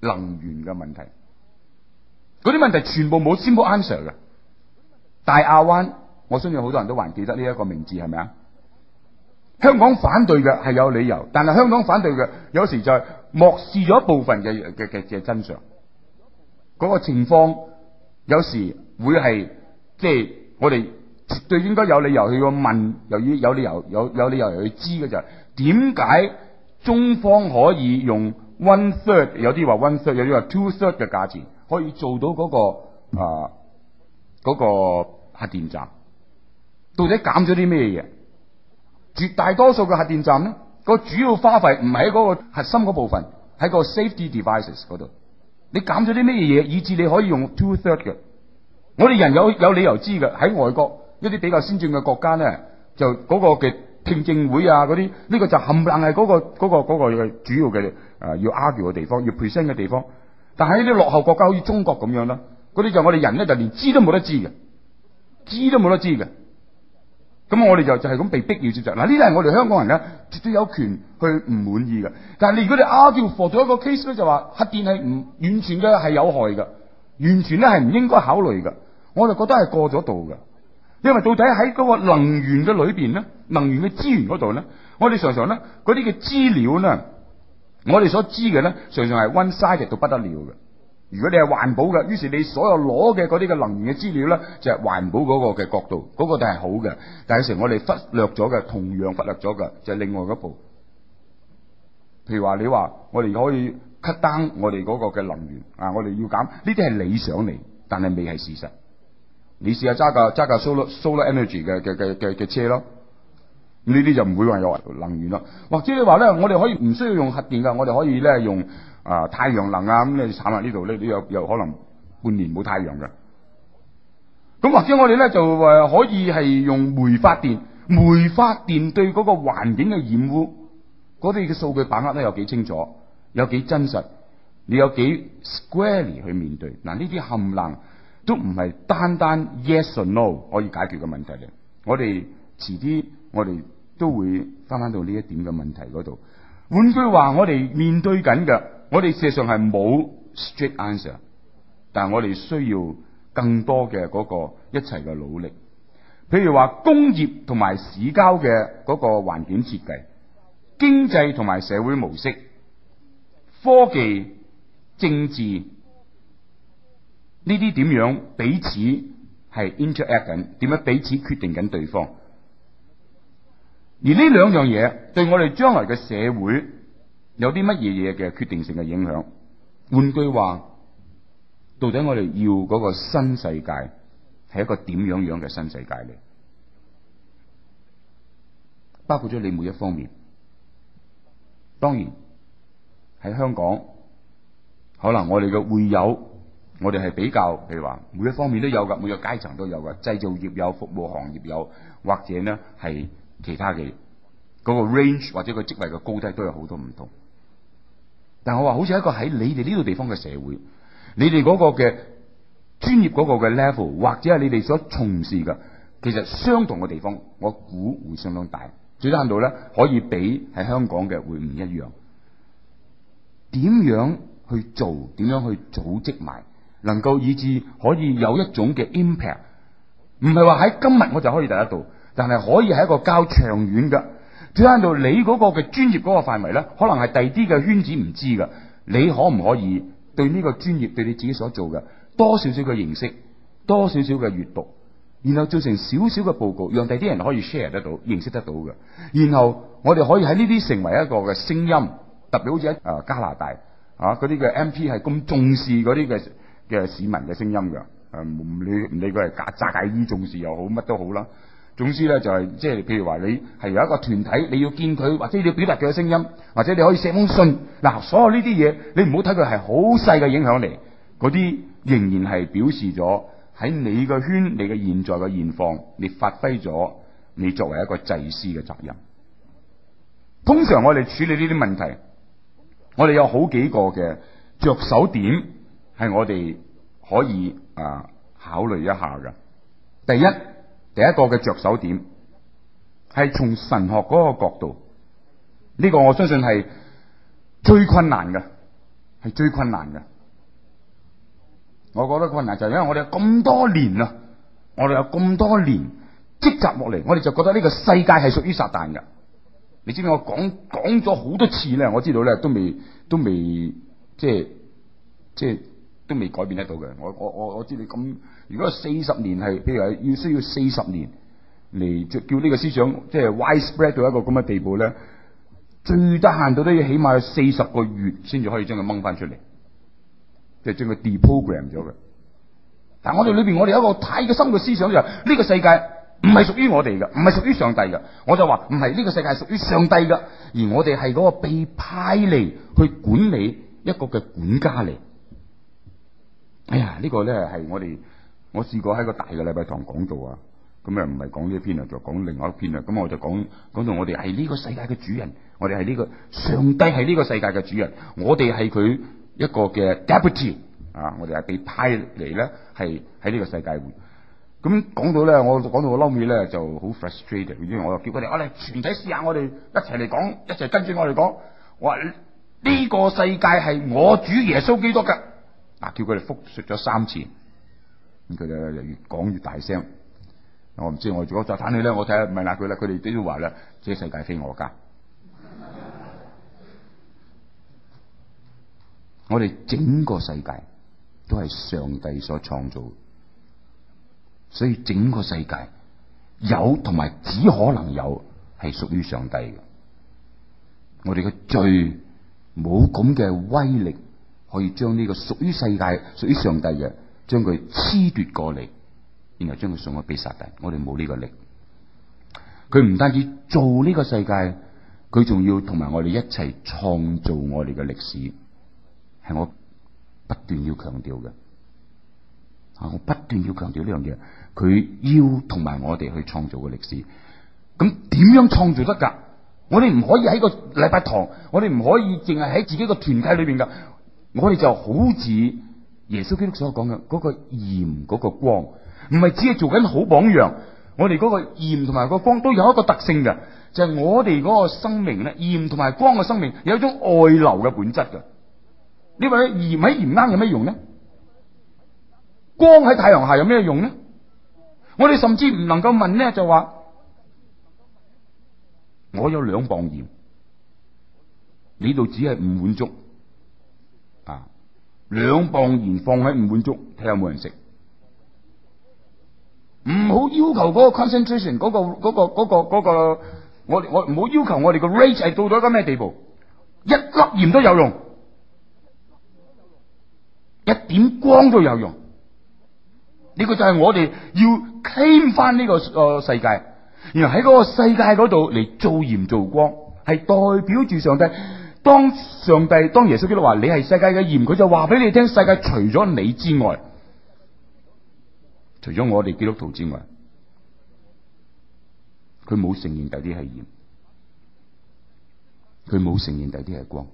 能源嘅問題，嗰啲問題全部冇 simple answer 嘅。大亞灣，我相信好多人都還記得呢一個名字係咪啊？香港反對嘅係有理由，但係香港反對嘅有時就係漠視咗一部分嘅嘅嘅真相。嗰個情況有時會係，即係我哋絕對應該有理由去問，由於有理由有有理由去知嘅，就係點解中方可以用 one third 有啲話 one third 有啲話 two third 嘅價錢可以做到嗰個啊嗰個核電站？到底減咗啲咩嘢？絕大多數嘅核電站咧，個主要花費唔係喺嗰個核心嗰部分，喺個 safety devices 度。你減咗啲咩嘢，以至你可以用 two third 嘅？我哋人有有理由知嘅。喺外國一啲比較先進嘅國家咧，就嗰個嘅聽證會啊嗰啲，呢、呢個就冚唪唥係嗰個嗰、嗰個嗰、嗰個嘅主要嘅、呃、要 argue 嘅地方，要 present 嘅地方。但喺啲落後國家好似中國咁樣啦，嗰啲就我哋人咧就連知都冇得知嘅，知都冇得知嘅。咁我哋就就係、是、咁被逼要接受嗱，呢啲係我哋香港人咧絕對有權去唔滿意嘅。但係你如果你 argue for 咗一個 case 咧，就話核電係唔完全嘅係有害㗎，完全咧係唔應該考慮㗎。我就覺得係過咗度㗎，因為到底喺嗰個能源嘅裏面，咧，能源嘅資源嗰度咧，我哋常常咧嗰啲嘅資料咧，我哋所知嘅咧，常常係 one sided 到不得了嘅。如果你係環保嘅，於是你所有攞嘅嗰啲嘅能源嘅資料咧，就係、是、環保嗰個嘅角度，嗰、那個就係好嘅。但係成日我哋忽略咗嘅，同樣忽略咗嘅，就係、是、另外一部。譬如話你話，我哋可以 cut down 我哋嗰個嘅能源啊，我哋要減，呢啲係理想嚟，但係未係事實。你試下揸架揸架 solar solar energy 嘅嘅嘅嘅嘅車咯，呢啲就唔會話有能源啦。或者你話咧，我哋可以唔需要用核電㗎，我哋可以咧用。啊、呃！太陽能啊，咁你慘啦！呢度咧，你有有可能半年冇太陽嘅，咁，或者我哋咧就、呃、可以係用煤發電。煤發電對嗰個環境嘅污染，嗰啲嘅數據把握咧有幾清楚，有幾真實？你有幾 squarely 去面對嗱？呢啲冚唪唥都唔係單單 yes or no 可以解決嘅問題嚟。我哋遲啲，我哋都會翻翻到呢一點嘅問題嗰度。換句話，我哋面對緊嘅。我哋事實上係冇 straight answer，但係我哋需要更多嘅嗰個一齊嘅努力。譬如話工業同埋市郊嘅嗰個環境設計、經濟同埋社會模式、科技、政治，呢啲點樣彼此係 interact 緊？點樣彼此決定緊對方？而呢兩樣嘢對我哋將來嘅社會。.有啲乜嘢嘢嘅決定性嘅影響？換句話，到底我哋要嗰個新世界係一個點樣樣嘅新世界咧？包括咗你每一方面，當然喺香港，可能我哋嘅會友，我哋係比較，譬如話每一方面都有噶，每個階層都有嘅，製造業有，服務行業有，或者咧係其他嘅嗰個 range 或者個職位嘅高低都有好多唔同。但係我話，好似一個喺你哋呢度地方嘅社會，你哋嗰個嘅專業嗰個嘅 level，或者係你哋所從事嘅，其實相同嘅地方，我估會相當大。最低限度咧，可以比喺香港嘅會唔一樣。點樣去做？點樣去組織埋？能夠以致可以有一種嘅 impact，唔係話喺今日我就可以第一度，但係可以係一個較長遠嘅。睇到你嗰個嘅專業嗰個範圍咧，可能係第二啲嘅圈子唔知㗎。你可唔可以對呢個專業對你自己所做嘅多少少嘅認識，多少少嘅閱讀，然後做成少少嘅報告，讓第啲人可以 share 得到、認識得到嘅，然後我哋可以喺呢啲成為一個嘅聲音，特別好似喺加拿大啊嗰啲嘅 MP 係咁重視嗰啲嘅嘅市民嘅聲音嘅，誒唔理唔理佢係假假意重視又好，乜都好啦。總之咧就係、是，即係譬如話你係有一個團體，你要見佢，或者你要表達佢嘅聲音，或者你可以寫封信。嗱，所有呢啲嘢，你唔好睇佢係好細嘅影響嚟。嗰啲仍然係表示咗喺你個圈，你嘅現在嘅現況，你發揮咗你作為一個祭司嘅責任。通常我哋處理呢啲問題，我哋有好幾個嘅着手點係我哋可以啊、呃、考慮一下噶。第一。第一個嘅着手點係從神學嗰個角度，呢個我相信係最困難嘅，係最困難嘅。我覺得困難就係因為我哋有咁多年啦，我哋有咁多年積集落嚟，我哋就覺得呢個世界係屬於撒旦嘅。你知唔知我講講咗好多次咧？我知道咧，都未都未即係即係都未改變得到嘅。我我我我知你咁。如果四十年係，譬如係要需要四十年嚟，叫呢個思想即係、就是、widespread 到一個咁嘅地步咧，最低限度都要起碼有四十個月先至可以將佢掹返出嚟，即、就、係、是、將佢 deprogram 咗嘅。但我哋裏邊我哋有一個太嘅深嘅思想就係，呢個世界唔係屬於我哋嘅，唔係屬於上帝嘅。我就話唔係呢個世界係屬於上帝㗎，而我哋係嗰個被派嚟去管理一個嘅管家嚟。哎呀，這個、呢個咧，係我哋。我試過喺個大嘅禮拜堂講到啊，咁啊唔係講呢一篇啊，就講另外一篇啊。咁我就講講到我哋係呢個世界嘅主人，我哋係呢個上帝係呢個世界嘅主人，我哋係佢一個嘅 deputy 啊，我哋係被派嚟咧係喺呢個世界活。咁講到咧，我講到個嬲尾咧就好 frustrated，因為我又叫佢哋，我哋全體試下，我哋一齊嚟講，一齊跟住我哋講。我話呢個世界係我主耶穌基督㗎，嗱、啊、叫佢哋覆述咗三次。咁佢就越講越大聲，我唔知我如果再彈佢咧，我睇下唔係嗱佢啦。佢哋、啊、都要話啦，即、這個、世界非我家， *laughs* 我哋整個世界都係上帝所創造的，所以整個世界有同埋只可能有係屬於上帝嘅。我哋嘅罪冇咁嘅威力，可以將呢個屬於世界、屬於上帝嘅。將佢褫奪過嚟，然後將佢送咗俾撒但，我哋冇呢個力。佢唔單止做呢個世界，佢仲要同埋我哋一齊創造我哋嘅歷史，係我不斷要強調嘅。啊，我不斷要強調呢樣嘢，佢要同埋我哋去創造嘅歷史。咁點樣創造得噶？我哋唔可以喺個禮拜堂，我哋唔可以淨係喺自己個團契裏邊噶，我哋就好似。耶穌基督所講嘅嗰個鹽、嗰個光，唔係只係做緊好榜樣。我哋嗰個鹽同埋個光都有一個特性嘅，就係我哋嗰個生命咧，鹽同埋光嘅生命有一種外流嘅本質嘅。你話咧，鹽喺鹽坑有咩用咧？光喺太陽下有咩用咧？我哋甚至唔能夠問咧，就話我有兩磅鹽，呢度只係唔滿足。兩磅鹽放喺五碗粥，睇下有冇人食。唔好要，要求嗰個 concentration，嗰、嗰個、嗰個、嗰個、嗰個嗰個，我我唔好要，要求我哋個 rate 係到咗一個咩地步，一粒鹽都有用，一點光都有用。呢、呢個就係我哋要 claim 翻呢個個世界，然後喺嗰個世界嗰度嚟做鹽做光，係代表住上帝。當上帝、當耶穌基督話你係世界嘅鹽，佢就話俾你聽，世界除咗你之外，除咗我哋基督徒之外，佢冇承認第啲係鹽，佢冇承認第啲係光。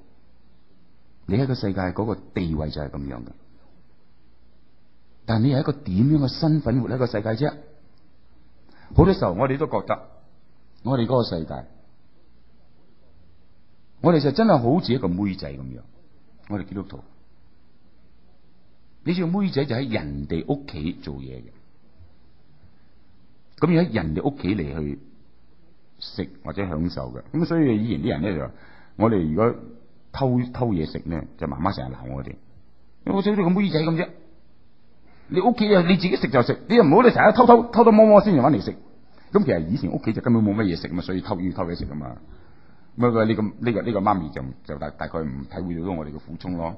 你喺個世界嗰個地位就係咁樣嘅，但你係一個點樣嘅身份活喺個世界啫？好多時候我哋都覺得，我哋嗰個世界。我哋就真係好似一個妹仔咁樣，我哋基督徒，你知個妹仔就喺人哋屋企做嘢嘅，咁要喺人哋屋企嚟去食或者享受嘅，咁所以以前啲人咧就話，我哋如果偷偷嘢食咧，就媽媽成日鬧我哋，你好似個妹仔咁啫，你屋企啊你自己食就食，你又唔好你成日偷偷偷偷摸摸先嚟搵嚟食，咁其實以前屋企就根本冇乜嘢食嘛，所以偷要偷嘢食啊嘛。乜嘅呢個呢個呢個媽咪就就大大概唔體會到咗我哋嘅苦衷咯。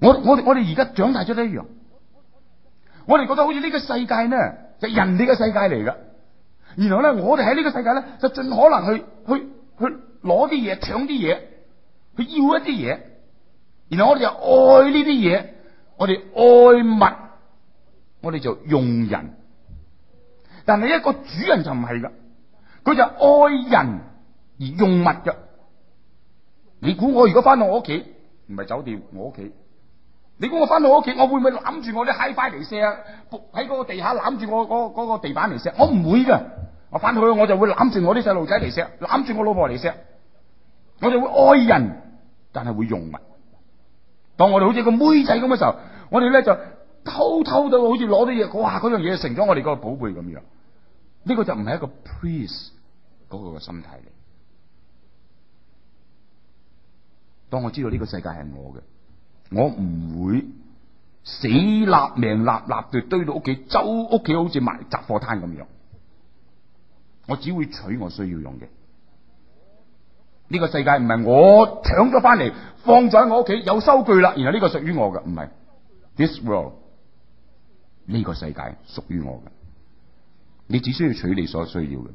我哋我我哋而家長大咗都一樣，我哋覺得好似呢個世界咧就人哋嘅世界嚟噶。然後咧，我哋喺呢個世界咧就盡可能去去去攞啲嘢搶啲嘢，佢要一啲嘢。然後我哋就愛呢啲嘢，我哋愛物，我哋就用人。但係一個主人就唔係噶，佢就愛人而用物嘅，你估我如果翻到我屋企，唔係酒店，我屋企，你估我翻到我屋企，我會唔會攬住我啲 high five 嚟錫？喺嗰個地下攬住我嗰嗰個地板嚟錫，我唔會嘅，我翻到去我就會攬住我啲細路仔嚟錫，攬住我老婆嚟錫，我就會愛人，但係會用物。當我哋好似個妹仔咁嘅時候，我哋咧就偷偷好像到好似攞啲嘢，哇！嗰樣嘢成咗我哋個寶貝咁樣，呢、這個就唔係一個 priest 嗰個嘅心態嚟。當我知道呢個世界係我嘅，我唔會死立命立立地堆到屋企，周屋企好似埋雜貨攤咁樣。我只會取我需要用嘅。呢個世界唔係我搶咗翻嚟放咗喺我屋企有收據啦，然後呢個屬於我嘅，唔係。This world，呢個世界屬於我嘅。你只需要取你所需要嘅。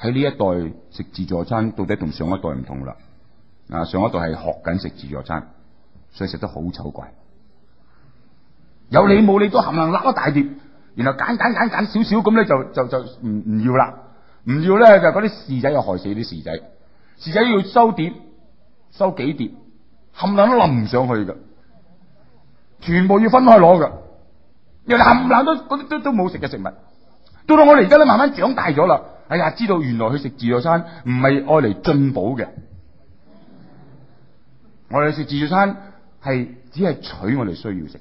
喺呢一代食自助餐，到底同上一代唔同啦。啊，上一代係學緊食自助餐，所以食得好醜怪。有你冇你都冚唥揦一大碟，然後揀揀揀揀少少咁咧，就就就唔唔要啦。唔要咧就嗰啲侍仔又害死啲侍仔，侍仔要收碟收幾碟，冚唥都冧唔上去㗎，全部要分開攞㗎，又冚唥都啲都都冇食嘅食物。到到我哋而家都慢慢長大咗啦。哎呀，知道原來去食自助餐唔係愛嚟進補嘅，我哋食自助餐係只係取我哋需要食嘅，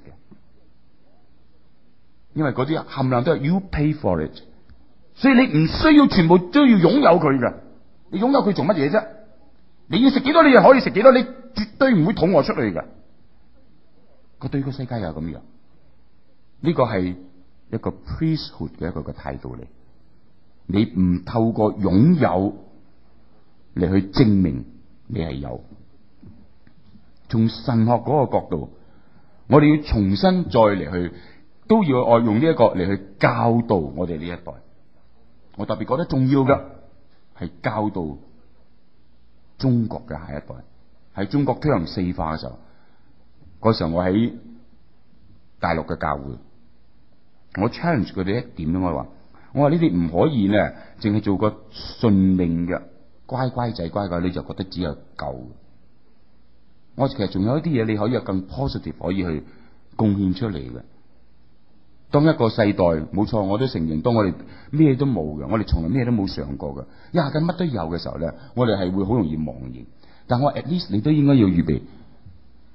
因為嗰啲含量都係 you pay for it，所以你唔需要全部都要擁有佢嘅，你擁有佢做乜嘢啫？你要食幾多你就可以食幾多，你絕對唔會肚餓出嚟嘅，佢對個世界又係咁樣，呢個係一個 priesthood 嘅一個嘅態度嚟。你唔透過擁有嚟去證明你係有，從神學嗰個角度，我哋要重新再嚟去，都要愛用呢一個嚟去教導我哋呢一代。我特別覺得重要嘅係教導中國嘅下一代，喺中國推行四化嘅時候，嗰時候我喺大陸嘅教會，我 challenge 佢哋一點都唔話。我話呢啲唔可以咧，淨係做個信命嘅乖乖仔乖乖女你就覺得只有夠。我其實仲有一啲嘢，你可以有更 positive 可以去貢獻出嚟嘅。當一個世代冇錯，我都承認，當我哋咩都冇嘅，我哋從來咩都冇上過嘅，一下間乜都有嘅時候咧，我哋係會好容易茫然。但我 at least 你都應該要預備，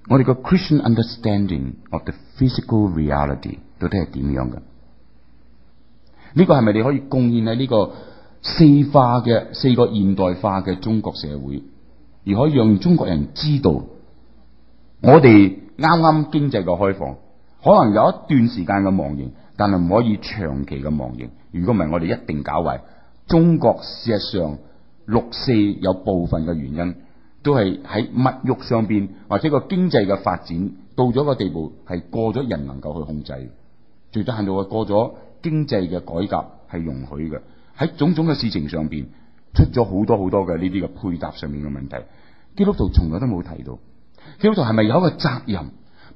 我哋個 Christian understanding of the physical reality 到底係點樣嘅？呢個係咪你可以貢獻喺呢個四化嘅四個現代化嘅中國社會，而可以讓中國人知道，我哋啱啱經濟嘅開放，可能有一段時間嘅忘形，但係唔可以長期嘅忘形。如果唔係，我哋一定搞壞中國。事實上，六四有部分嘅原因，都係喺物慾上面或者個經濟嘅發展到咗個地步係過咗人能夠去控制，最得限度嘅過咗。經濟嘅改革係容許嘅，喺種種嘅事情上邊出咗好多好多嘅呢啲嘅配搭上面嘅問題。基督徒從來都冇提到，基督徒係咪有一個責任，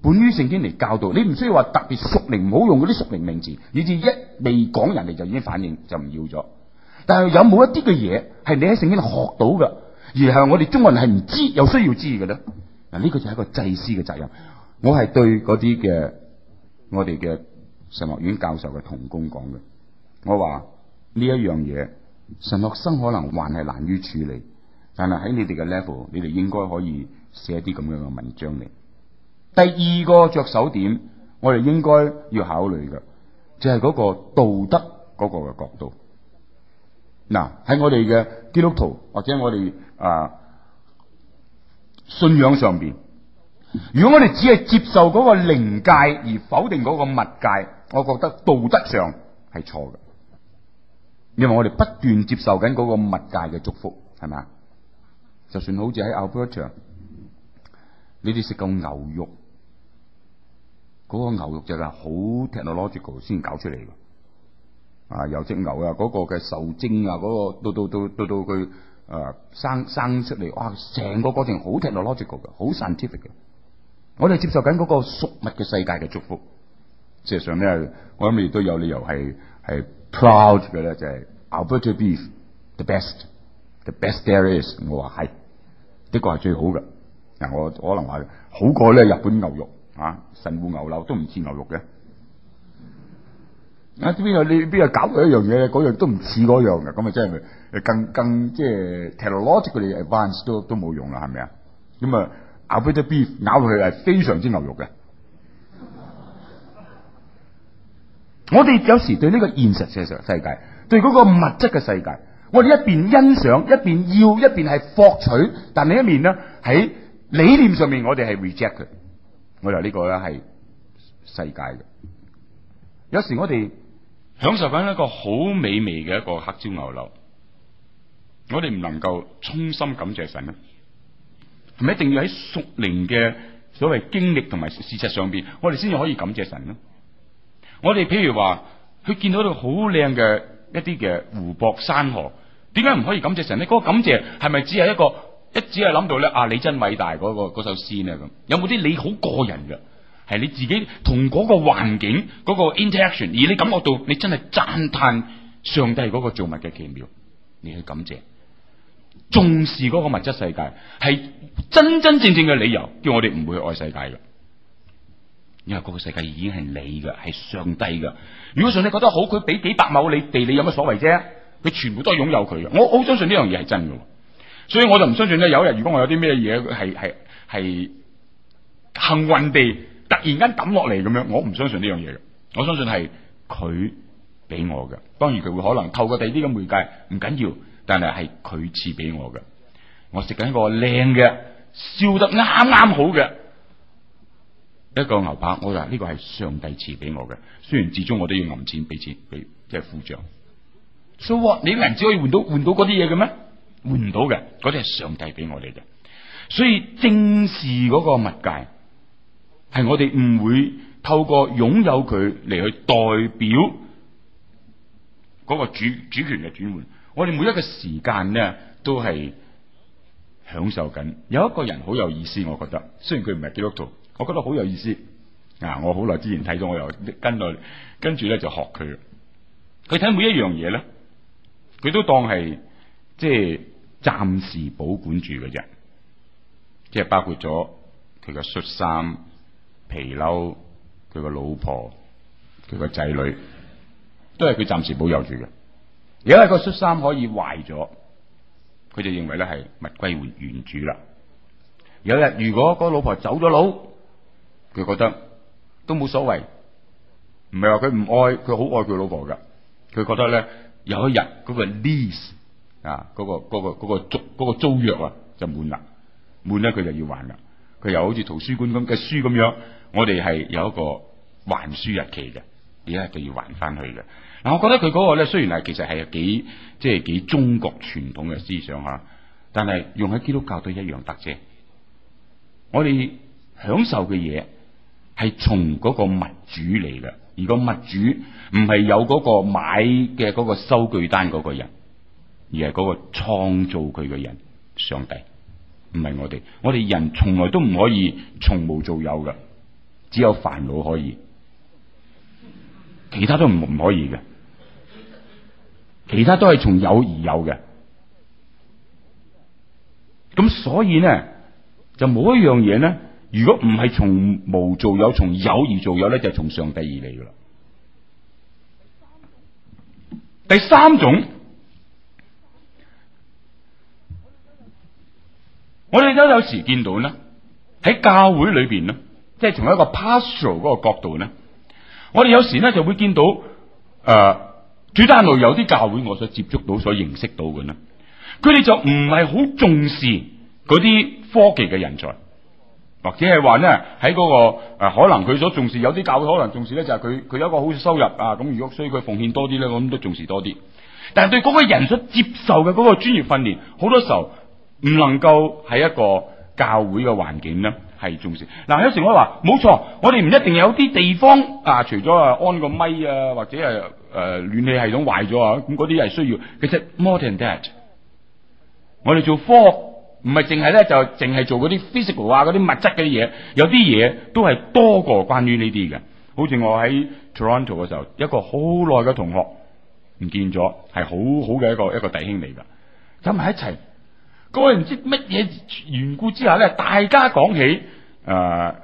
本於聖經嚟教導？你唔需要話特別屬靈，唔好用嗰啲屬靈名詞，你至一未講人哋就已經反應就唔要咗。但係有冇一啲嘅嘢係你喺聖經度學到嘅，而係我哋中國人係唔知又需要知嘅咧？嗱，呢個就係一個祭司嘅責任。我係對嗰啲嘅我哋嘅。神學院教授嘅同工講嘅，我話呢一樣嘢，神學生可能還係難於處理，但係喺你哋嘅 level，你哋應該可以寫啲咁樣嘅文章嚟。第二個着手點，我哋應該要考慮嘅，就係嗰個道德嗰個嘅角度。嗱，喺我哋嘅基督徒或者我哋啊信仰上邊，如果我哋只係接受嗰個靈界而否定嗰個物界，我覺得道德上係錯嘅，因為我哋不斷接受緊嗰個物界嘅祝福，係咪啊？就算好似喺 Alberta 你哋食個牛肉，嗰、那個牛肉就係好 technological 先搞出嚟嘅。啊，有隻牛、那個那個、啊，嗰個嘅受精啊，嗰個到到到到到佢啊生生出嚟，哇，成個過程好 technological 嘅，好 scientific 嘅。我哋接受緊嗰個屬物嘅世界嘅祝福。事實上咧，我諗亦都有理由係係 proud 嘅咧，就係、是、Alberta beef the best，the best there is。我話係，的確係最好嘅。嗱，我可能話，好過咧日本牛肉啊，神戶牛柳都唔似牛肉嘅。啊，邊個你邊個搞佢一樣嘢？嗰樣都唔似嗰樣嘅，咁啊真係咪？更更即係 technologically advance 都都冇用啦，係咪啊？咁啊，Alberta beef 咬落去係非常之牛肉嘅。我哋有時對呢個現實上世界，對嗰個物質嘅世界，我哋一邊欣賞，一邊要，一邊係獲取，但係一面咧喺理念上面，我哋係 reject 佢。我哋話呢個咧係世界嘅。有時我哋享受緊一個好美味嘅一個黑椒牛柳，我哋唔能夠衷心感謝神啊，係咪一定要喺屬靈嘅所謂經歷同埋事實上邊，我哋先至可以感謝神呢？我哋譬如話，佢見到到好靚嘅一啲嘅湖泊山河，點解唔可以感謝神咧？嗰個感謝係咪只係一個一只到，只係諗到咧啊！你真偉大嗰個嗰首詩啊咁，有冇啲你好個人嘅？係你自己同嗰個環境嗰個 interaction，而你感覺到你真係讚嘆上帝嗰個造物嘅奇妙，你去感謝，重視嗰個物質世界係真真正正嘅理由，叫我哋唔會去愛世界嘅。因為嗰個世界已經係你嘅，係上帝嘅。如果上帝覺得好，佢俾幾百畝你地，你有乜所謂啫？佢全部都係擁有佢嘅。我好相信呢樣嘢係真嘅，所以我就唔相信咧。有一日如果我有啲咩嘢係係係幸運地突然間抌落嚟咁樣，我唔相信呢樣嘢。我相信係佢俾我嘅，當然佢會可能透過第二啲嘅媒介，唔緊要，但係係佢賜俾我嘅。我食緊一個靚嘅，燒得啱啱好嘅。一個牛扒，我話呢個係上帝賜俾我嘅，雖然至終我都要揞錢俾錢，俾即係付賬。所、so、以你人只可以換到換到嗰啲嘢嘅咩？換唔到嘅，嗰啲係上帝俾我哋嘅。所以正視嗰個物界係我哋唔會透過擁有佢嚟去代表嗰個主主權嘅轉換。我哋每一個時間咧都係享受緊。有一個人好有意思，我覺得雖然佢唔係基督徒。我覺得好有意思，嗱、啊，我好耐之前睇咗，我又跟落，跟住咧就學佢。佢睇每一樣嘢咧，佢都當係即係暫時保管住嘅啫，即係包括咗佢個恤衫、皮褸、佢個老婆、佢個仔女，都係佢暫時保有住嘅。有日個恤衫可以壞咗，佢就認為咧係物歸原主啦。有日如果個老婆走咗佬，佢覺得都冇所謂，唔係話佢唔愛，佢好愛佢老婆㗎。佢覺得咧，有一日嗰個 lease 啊，嗰、嗰個嗰、嗰個嗰、嗰個嗰個嗰個嗰個嗰個租嗰、嗰個租約啊，就滿啦，滿咧佢就要還啦。佢又好似圖書館咁嘅書咁樣，我哋係有一個還書日期嘅，而家就要還翻去嘅。嗱、啊，我覺得佢嗰個咧，雖然係其實係幾即係幾中國傳統嘅思想啊，但係用喺基督教都一樣得啫。我哋享受嘅嘢。係從嗰個物主嚟噶，而嗰物主唔係有嗰個買嘅嗰個收據單嗰個人，而係嗰個創造佢嘅人，上帝，唔係我哋，我哋人從來都唔可以從無造有噶，只有煩惱可以，其他都唔唔可以嘅，其他都係從有而有嘅，咁所以咧就冇一樣嘢咧。如果唔係從無做有，從有而做有咧，就係從上帝而嚟噶啦。第三種，我哋都有時見到咧，喺教會裏邊咧，即係從一個 pastoral 嗰個角度咧，我哋有時咧就會見到誒、呃，主帶路有啲教會我所接觸到、所認識到嘅咧，佢哋就唔係好重視嗰啲科技嘅人才。或者係話咧喺嗰個誒，可能佢所重視，有啲教會可能重視咧，就係佢佢有一個好嘅收入啊。咁如果需要佢奉獻多啲咧，咁都重視多啲。但係對嗰個人所接受嘅嗰個專業訓練，好多時候唔能夠喺一個教會嘅環境咧係重視。嗱、啊，有時我話冇錯，我哋唔一定有啲地方啊，除咗啊安個咪啊，或者係誒、呃、暖氣系統壞咗啊，咁嗰啲係需要。其實 more than that，我哋做科。唔係淨係咧，就淨係做啲 physical 啊，啲物質嘅嘢，有啲嘢都係多過關於呢啲嘅。好似我喺 Toronto 嘅時候，一個好耐嘅同學唔見咗，係好好嘅一個一個弟兄嚟噶，走埋一齊，各位唔知乜嘢緣故之下咧，大家講起誒、呃，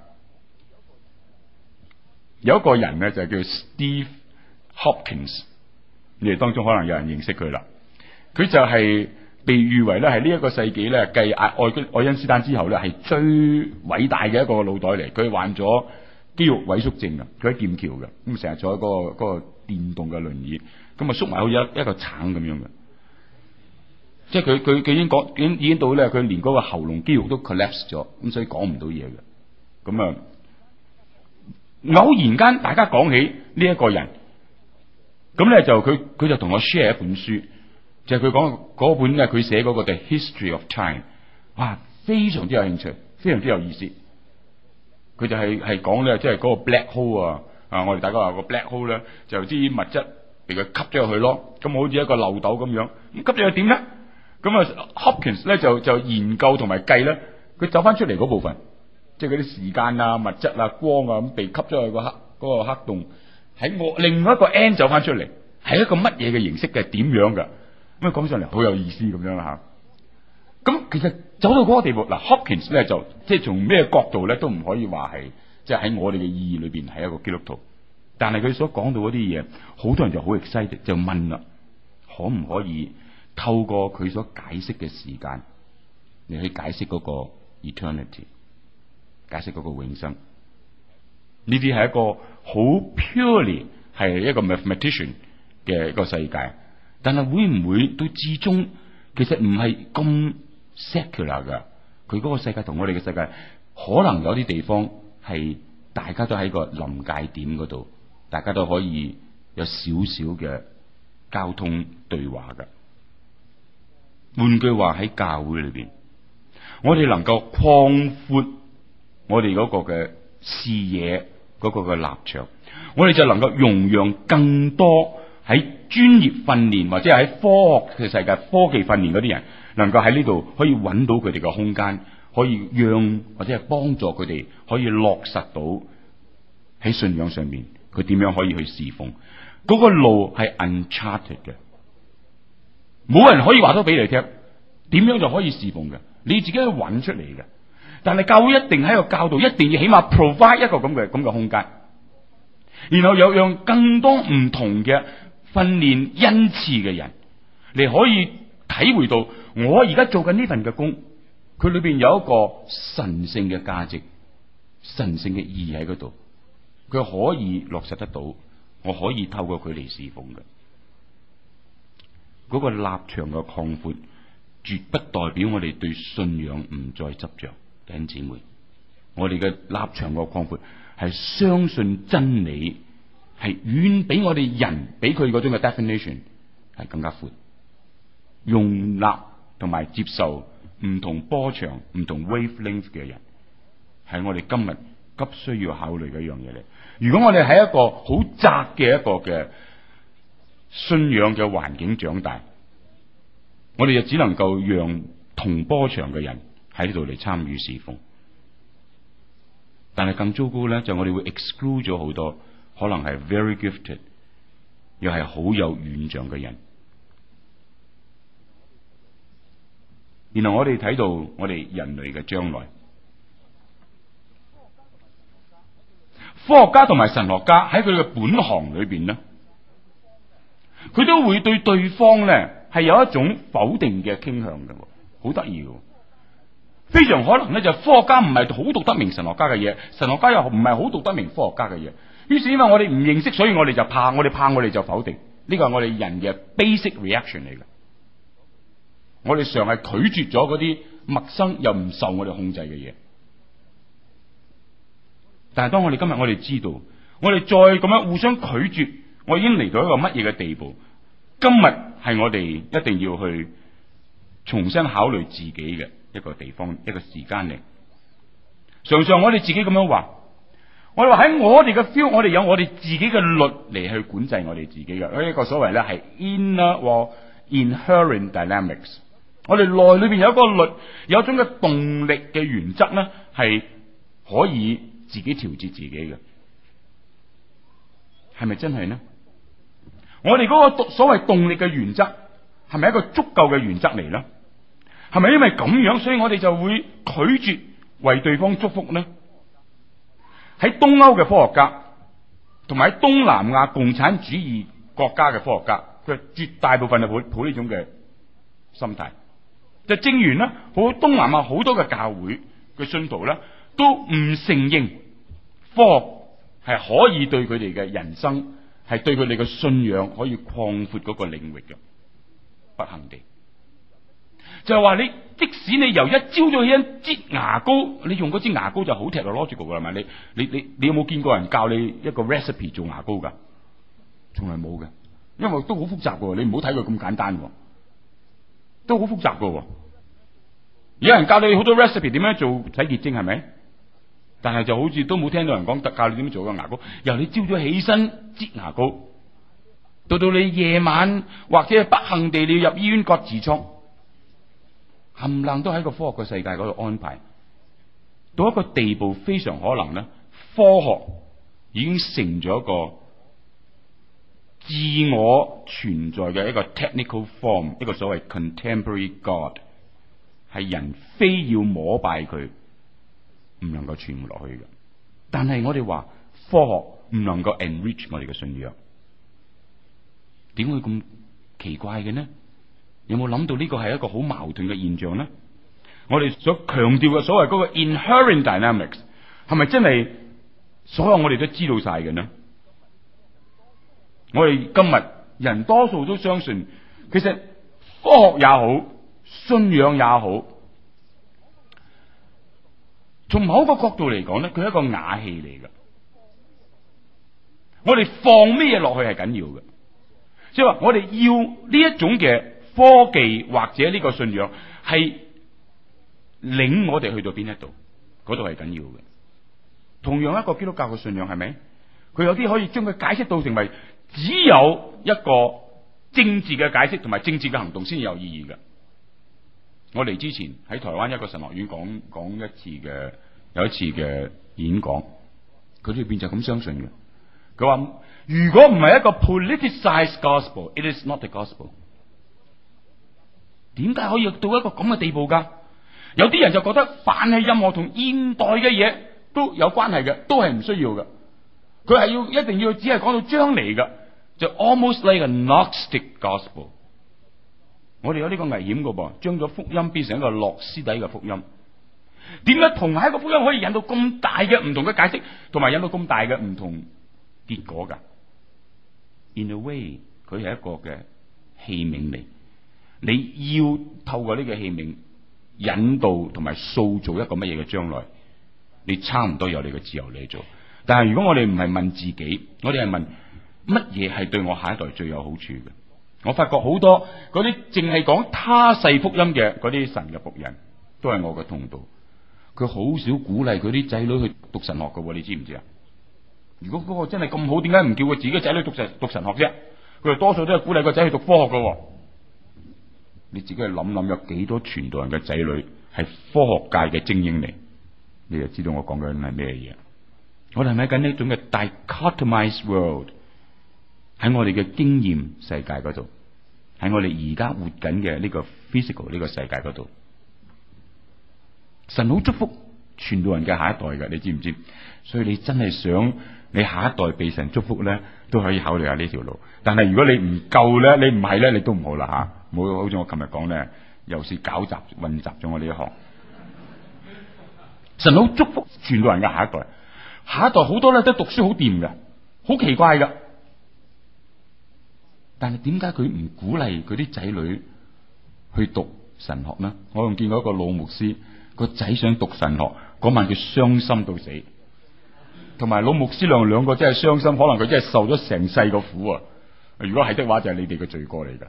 有一個人咧就係叫 Steve Hopkins，你哋當中可能有人認識佢啦，佢就係、是。被譽為咧係呢一個世紀咧繼愛愛愛因斯坦之後咧係最偉大嘅一個腦袋嚟。佢患咗肌肉萎縮症嘅，佢喺劍橋嘅，咁成日坐喺嗰個嗰個電動嘅輪椅，咁啊縮埋好似一一個橙咁樣嘅。即係佢佢佢已經講已經已經到咧，佢連嗰個喉嚨肌肉都 collapse 咗，咁所以講唔到嘢嘅。咁啊，偶然間大家講起呢一個人，咁咧就佢佢就同我 share 一本書。就係佢講嗰本咧，佢寫嗰個嘅 History of Time，哇，非常之有興趣，非常之有意思。佢就係係講咧，即係嗰個 black hole 啊，啊，我哋大家話個 black hole 咧，就啲、是、物質被佢吸咗入去咯，咁好似一個漏斗咁樣，咁吸咗入點咧？咁啊 Hawking 咧就就研究同埋計咧，佢走翻出嚟嗰部分，即係嗰啲時間啊、物質啊、光啊咁被吸咗入個黑、嗰個黑洞，喺我另外一個 n 走翻出嚟，係一個乜嘢嘅形式嘅？點樣噶？咁講上嚟好有意思咁樣啦吓，咁其實走到嗰個地步，嗱 Hopkins 咧就即係從咩角度咧都唔可以話係即係喺我哋嘅意義裏邊係一個基督徒，但係佢所講到嗰啲嘢，好多人就好 excited 就問啦，可唔可以透過佢所解釋嘅時間，你去解釋嗰個 eternity，解釋嗰個永生？呢啲係一個好 purely 係一個 mathematician 嘅一個世界。但係會唔會對至終，其實唔係咁 secular 嘅？佢嗰個世界同我哋嘅世界，可能有啲地方係大家都喺個臨界點嗰度，大家都可以有少少嘅交通對話㗎。換句話喺教會裏邊，我哋能夠擴闊我哋嗰個嘅視野，嗰個嘅立場，我哋就能夠容讓更多喺專業訓練或者係喺科學嘅世界、科技訓練嗰啲人，能夠喺呢度可以揾到佢哋嘅空間，可以讓或者係幫助佢哋可以落實到喺信仰上面，佢點樣可以去侍奉嗰個路係 uncharted 嘅，冇人可以話到俾你聽點樣就可以侍奉嘅，你自己去揾出嚟嘅。但係教會一定喺個教導，一定要起碼 provide 一個咁嘅咁嘅空間，然後有讓更多唔同嘅。訓練恩賜嘅人，你可以體會到我而家做緊呢份嘅工，佢裏邊有一個神聖嘅價值、神聖嘅意義喺嗰度，佢可以落實得到，我可以透過佢嚟侍奉嘅。嗰個立場嘅擴闊，絕不代表我哋對信仰唔再執着，弟兄姊妹，我哋嘅立場嘅擴闊係相信真理，係遠比我哋人俾佢嗰種嘅 definition 係更加闊，容納同埋接受唔同波長、唔同 wavelength 嘅人，係我哋今日急需要考慮嘅一樣嘢嚟。如果我哋喺一個好窄嘅一個嘅信仰嘅環境長大，我哋就只能夠讓同波長嘅人喺呢度嚟參與侍奉。但係更糟糕咧，就我哋會 exclude 咗好多。可能係 very gifted，又係好有遠象嘅人。然後我哋睇到我哋人類嘅將來，科學家同埋神學家喺佢嘅本行裏邊咧，佢都會對對方咧係有一種否定嘅傾向嘅，好得意，非常可能呢，就係科學家唔係好讀得明神學家嘅嘢，神學家又唔係好讀得明科學家嘅嘢。於是因為我哋唔認識，所以我哋就怕，我哋怕，我哋就否定。呢個係我哋人嘅 basic reaction 嚟嘅。我哋常係拒絕咗嗰啲陌生又唔受我哋控制嘅嘢。但係當我哋今日我哋知道，我哋再咁樣互相拒絕，我已經嚟到一個乜嘢嘅地步？今日係我哋一定要去重新考慮自己嘅一個地方，一個時間嚟。常常我哋自己咁樣話。我話喺我哋嘅 feel，我哋有我哋自己嘅律嚟去管制我哋自己嘅，一個所謂咧係 inner or inherent dynamics。我哋內裏邊有一個律，有一種嘅動力嘅原則咧，係可以自己調節自己嘅，係咪真係咧？我哋嗰個所謂動力嘅原則，係咪一個足夠嘅原則嚟咧？係咪因為咁樣，所以我哋就會拒絕為對方祝福咧？喺東歐嘅科學家，同埋喺東南亞共產主義國家嘅科學家，佢絕大部分係抱抱呢種嘅心態，就正如咧，好東南亞好多嘅教會嘅信徒咧，都唔承認科學係可以對佢哋嘅人生係對佢哋嘅信仰可以擴闊個領域嘅，不幸地。就係話你，即使你由一朝早起身擠牙膏，你用嗰支牙膏就好 technological 㗎，係咪？你你你你有冇見過人教你一個 recipe 做牙膏㗎？從來冇嘅，因為都好複雜嘅。你唔好睇佢咁簡單，都好複雜嘅。有人教你好多 recipe 點樣做洗潔精，係咪？但係就好似都冇聽到人講，教你點樣做個牙膏。由你朝早起身擠牙膏，到到你夜晚或者係不幸地你要入醫院割痔瘡。冚唪唥都喺個科學嘅世界度安排，到一個地步非常可能咧，科學已經成咗一個自我存在嘅一個 technical form，一個所謂 contemporary god，係人非要膜拜佢，唔能夠存活落去嘅。但係我哋話科學唔能夠 enrich 我哋嘅信仰，點會咁奇怪嘅呢？有冇諗到呢個係一個好矛盾嘅現象呢？我哋所強調嘅所謂嗰個 inherent dynamics 係咪真係所有我哋都知道晒嘅呢？我哋今日人多數都相信，其實科學也好，信仰也好，從某一個角度嚟講咧，佢係一個瓦器嚟嘅。我哋放咩嘢落去係緊要嘅，即係話我哋要呢一種嘅。科技或者呢個信仰係領我哋去到邊一度？度係緊要嘅。同樣一個基督教嘅信仰係咪？佢有啲可以將佢解釋到成為只有一個政治嘅解釋同埋政治嘅行動先至有意義嘅。我嚟之前喺台灣一個神學院講講一次嘅，有一次嘅演講，佢哋變就咁相信嘅。佢話如果唔係一個 politicized gospel，it is not the gospel。點解可以到一個咁嘅地步噶？有啲人就覺得凡係任何同現代嘅嘢都有關係嘅，都係唔需要嘅。佢係要一定要只係講到將來嘅，就 almost like a Gnostic gospel。我哋有呢個危險噶噃，將咗福音變成一個洛斯底嘅福音。點解同一個福音可以引到咁大嘅唔同嘅解釋，同埋引到咁大嘅唔同嘅結果噶？In a way，佢係一個嘅器皿嚟。你要透過呢個器皿引導同埋塑造一個乜嘢嘅將來，你差唔多有你嘅自由嚟做。但係如果我哋唔係問自己，我哋係問乜嘢係對我下一代最有好處嘅？我發覺好多嗰啲淨係講他世福音嘅嗰啲神嘅僕人，都係我嘅同道。佢好少鼓勵佢啲仔女去讀神學㗎喎，你知唔知啊？如果嗰個真係咁好，點解唔叫佢自己嘅仔女讀神讀神學啫？佢哋多數都係鼓勵個仔去讀科學㗎喎。你自己去諗諗，有幾多傳道人嘅仔女係科學界嘅精英嚟？你就知道我講緊係咩嘢。我哋係咪喺緊呢種嘅 dichotomized world 喺我哋嘅經驗世界嗰度，喺我哋而家活緊嘅呢個 physical 呢個世界嗰度。神好祝福傳道人嘅下一代嘅，你知唔知？所以你真係想你下一代被神祝福咧，都可以考慮下呢條路。但係如果你唔夠咧，你唔係咧，你都唔好啦吓。冇好似我琴日講咧，又是搞雜混雜咗我呢一行。神好祝福全代人嘅下一代，下一代好多咧都讀書好掂㗎，好奇怪㗎。但係點解佢唔鼓勵佢啲仔女去讀神學呢？我仲見過一個老牧師，個仔想讀神學，嗰晚佢傷心到死。同埋老牧師娘兩個真係傷心，可能佢真係受咗成世個苦啊！如果係的話，就係你哋嘅罪過嚟㗎。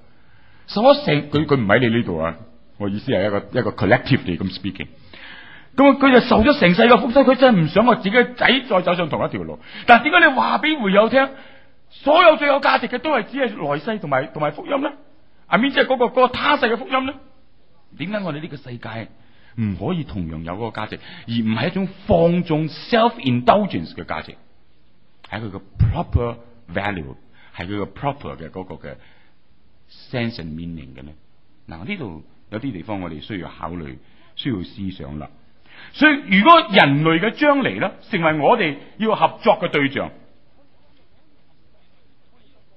所成佢佢唔喺你呢度啊！我意思係一個一個 collectively 咁 speaking，咁佢就受咗成世嘅福音，佢真係唔想我自己嘅仔再走上同一條路。但係點解你話俾會友聽，所有最有價值嘅都係只係來世同埋同埋福音咧？I mean 即係嗰個、嗰個他世嘅福音咧？點解我哋呢個世界唔可以同樣有嗰個價值，而唔係一種放縱 self-indulgence 嘅價值？係佢 pro pro、嗰個 proper value，係佢個 proper 嘅嗰個嘅。sense meaning 嘅咧，嗱，呢度有啲地方我哋需要考慮，需要思想啦。所以如果人類嘅將嚟咧，成為我哋要合作嘅對象，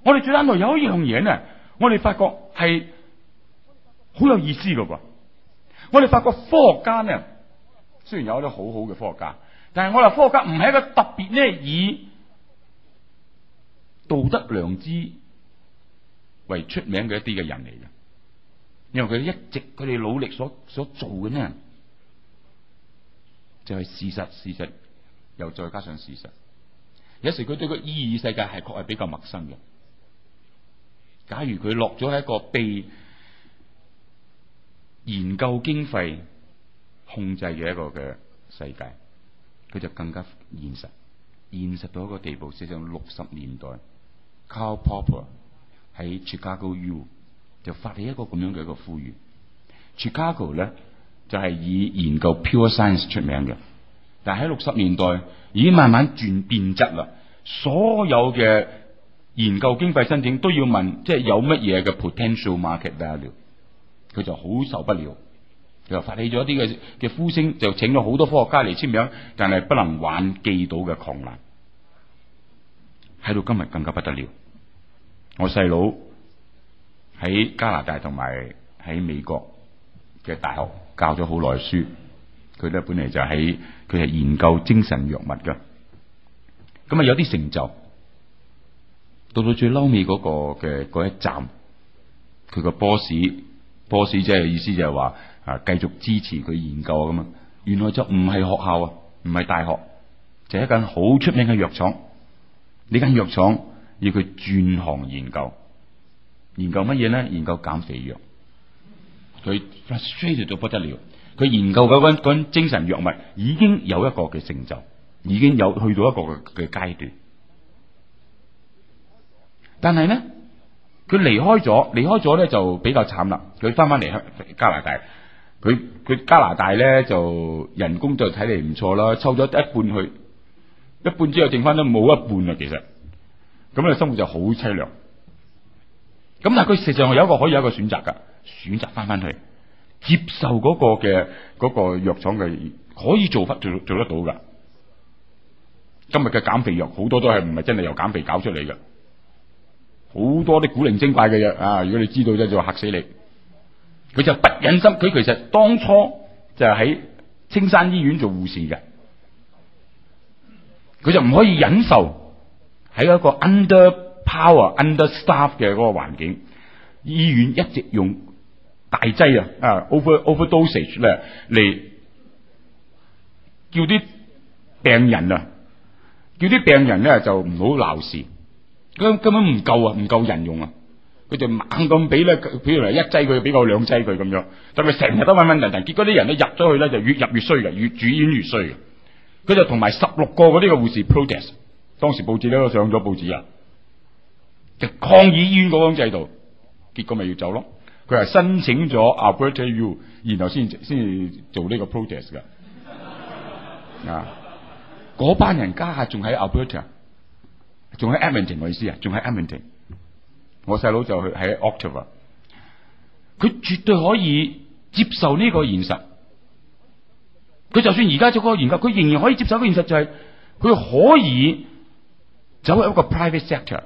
我哋最緊要有一樣嘢咧，我哋發覺係好有意思㗎噃。我哋發覺科學家咧，雖然有一啲好好嘅科學家，但係我哋科學家唔係一個特別咧以道德良知。為出名嘅一啲嘅人嚟嘅，因為佢一直佢哋努力所所做嘅呢，就係、是、事實，事實又再加上事實，有時佢對個意義世界係確係比較陌生嘅。假如佢落咗喺一個被研究經費控制嘅一個嘅世界，佢就更加現實，現實到一個地步，即係六十年代 Karl Popper。喺 Chicago U 就發起一個咁樣嘅一個呼籲。Chicago 咧就係、是、以研究 pure science 出名嘅，但喺六十年代已經慢慢轉變質啦。所有嘅研究經費申請都要問，即、就、係、是、有乜嘢嘅 potential market value，佢就好受不了，就發起咗一啲嘅嘅呼聲，就請咗好多科學家嚟簽名，但係不能玩寄到嘅狂瀾，喺到今日更加不得了。我細佬喺加拿大同埋喺美國嘅大學教咗好耐書。佢咧，本嚟就喺佢係研究精神藥物噶，咁啊有啲成就，到到最嬲尾嗰個嘅嗰一站，佢個 boss，boss 即係意思就係話啊繼續支持佢研究啊咁啊，原來就唔係學校啊，唔係大學，就係一間好出名嘅藥廠，呢間藥廠。要佢轉行研究，研究乜嘢咧？研究減肥藥，佢 frustrated 到不得了。佢研究嗰個精神藥物已經有一個嘅成就，已經有去到一個嘅階段。但係咧，佢離開咗，離開咗咧就比較慘啦。佢翻翻嚟香加拿大，佢佢加拿大咧就人工就睇嚟唔錯啦，抽咗一半去，一半之後剩翻都冇一半啦，其實。咁咧生活就好淒涼，咁但係佢實際上有一個可以有一個選擇噶，選擇翻翻去接受嗰個嘅嗰、嗰個藥廠嘅，可以做做做得到噶。今日嘅減肥藥好多都係唔係真係由減肥搞出嚟嘅，好多啲古靈精怪嘅藥啊！如果你知道咧，就嚇死你。佢就不忍心，佢其實當初就係喺青山醫院做護士嘅，佢就唔可以忍受。喺一個 underpower、understaff 嘅嗰個環境，醫院一直用大劑啊，啊、uh, overoverdosage 咧嚟叫啲病人啊，叫啲病人咧就唔好鬧事，根根本唔夠啊，唔夠人用啊，佢就猛咁俾咧，譬如嚟一劑佢，俾夠兩劑佢咁樣，就咪成日都穩穩陣陣，結果啲人咧入咗去咧就越入越衰嘅，越住院越衰嘅，佢就同埋十六個嗰啲嘅護士 protest。當時報紙咧，都上咗報紙啊，就抗議醫院嗰種制度，結果咪要走咯。佢係申請咗 Alberta U，然後先先至做呢個 project 噶。嗰、 *laughs* 啊、班人家仲喺 Alberta 仲喺 Edmonton 我意思啊，仲喺 Edmonton 我細佬就去喺 October，佢絕對可以接受呢個現實。佢就算而家做個個研究，佢仍然可以接受個現實，就係、是、佢可以。走入一個 private sector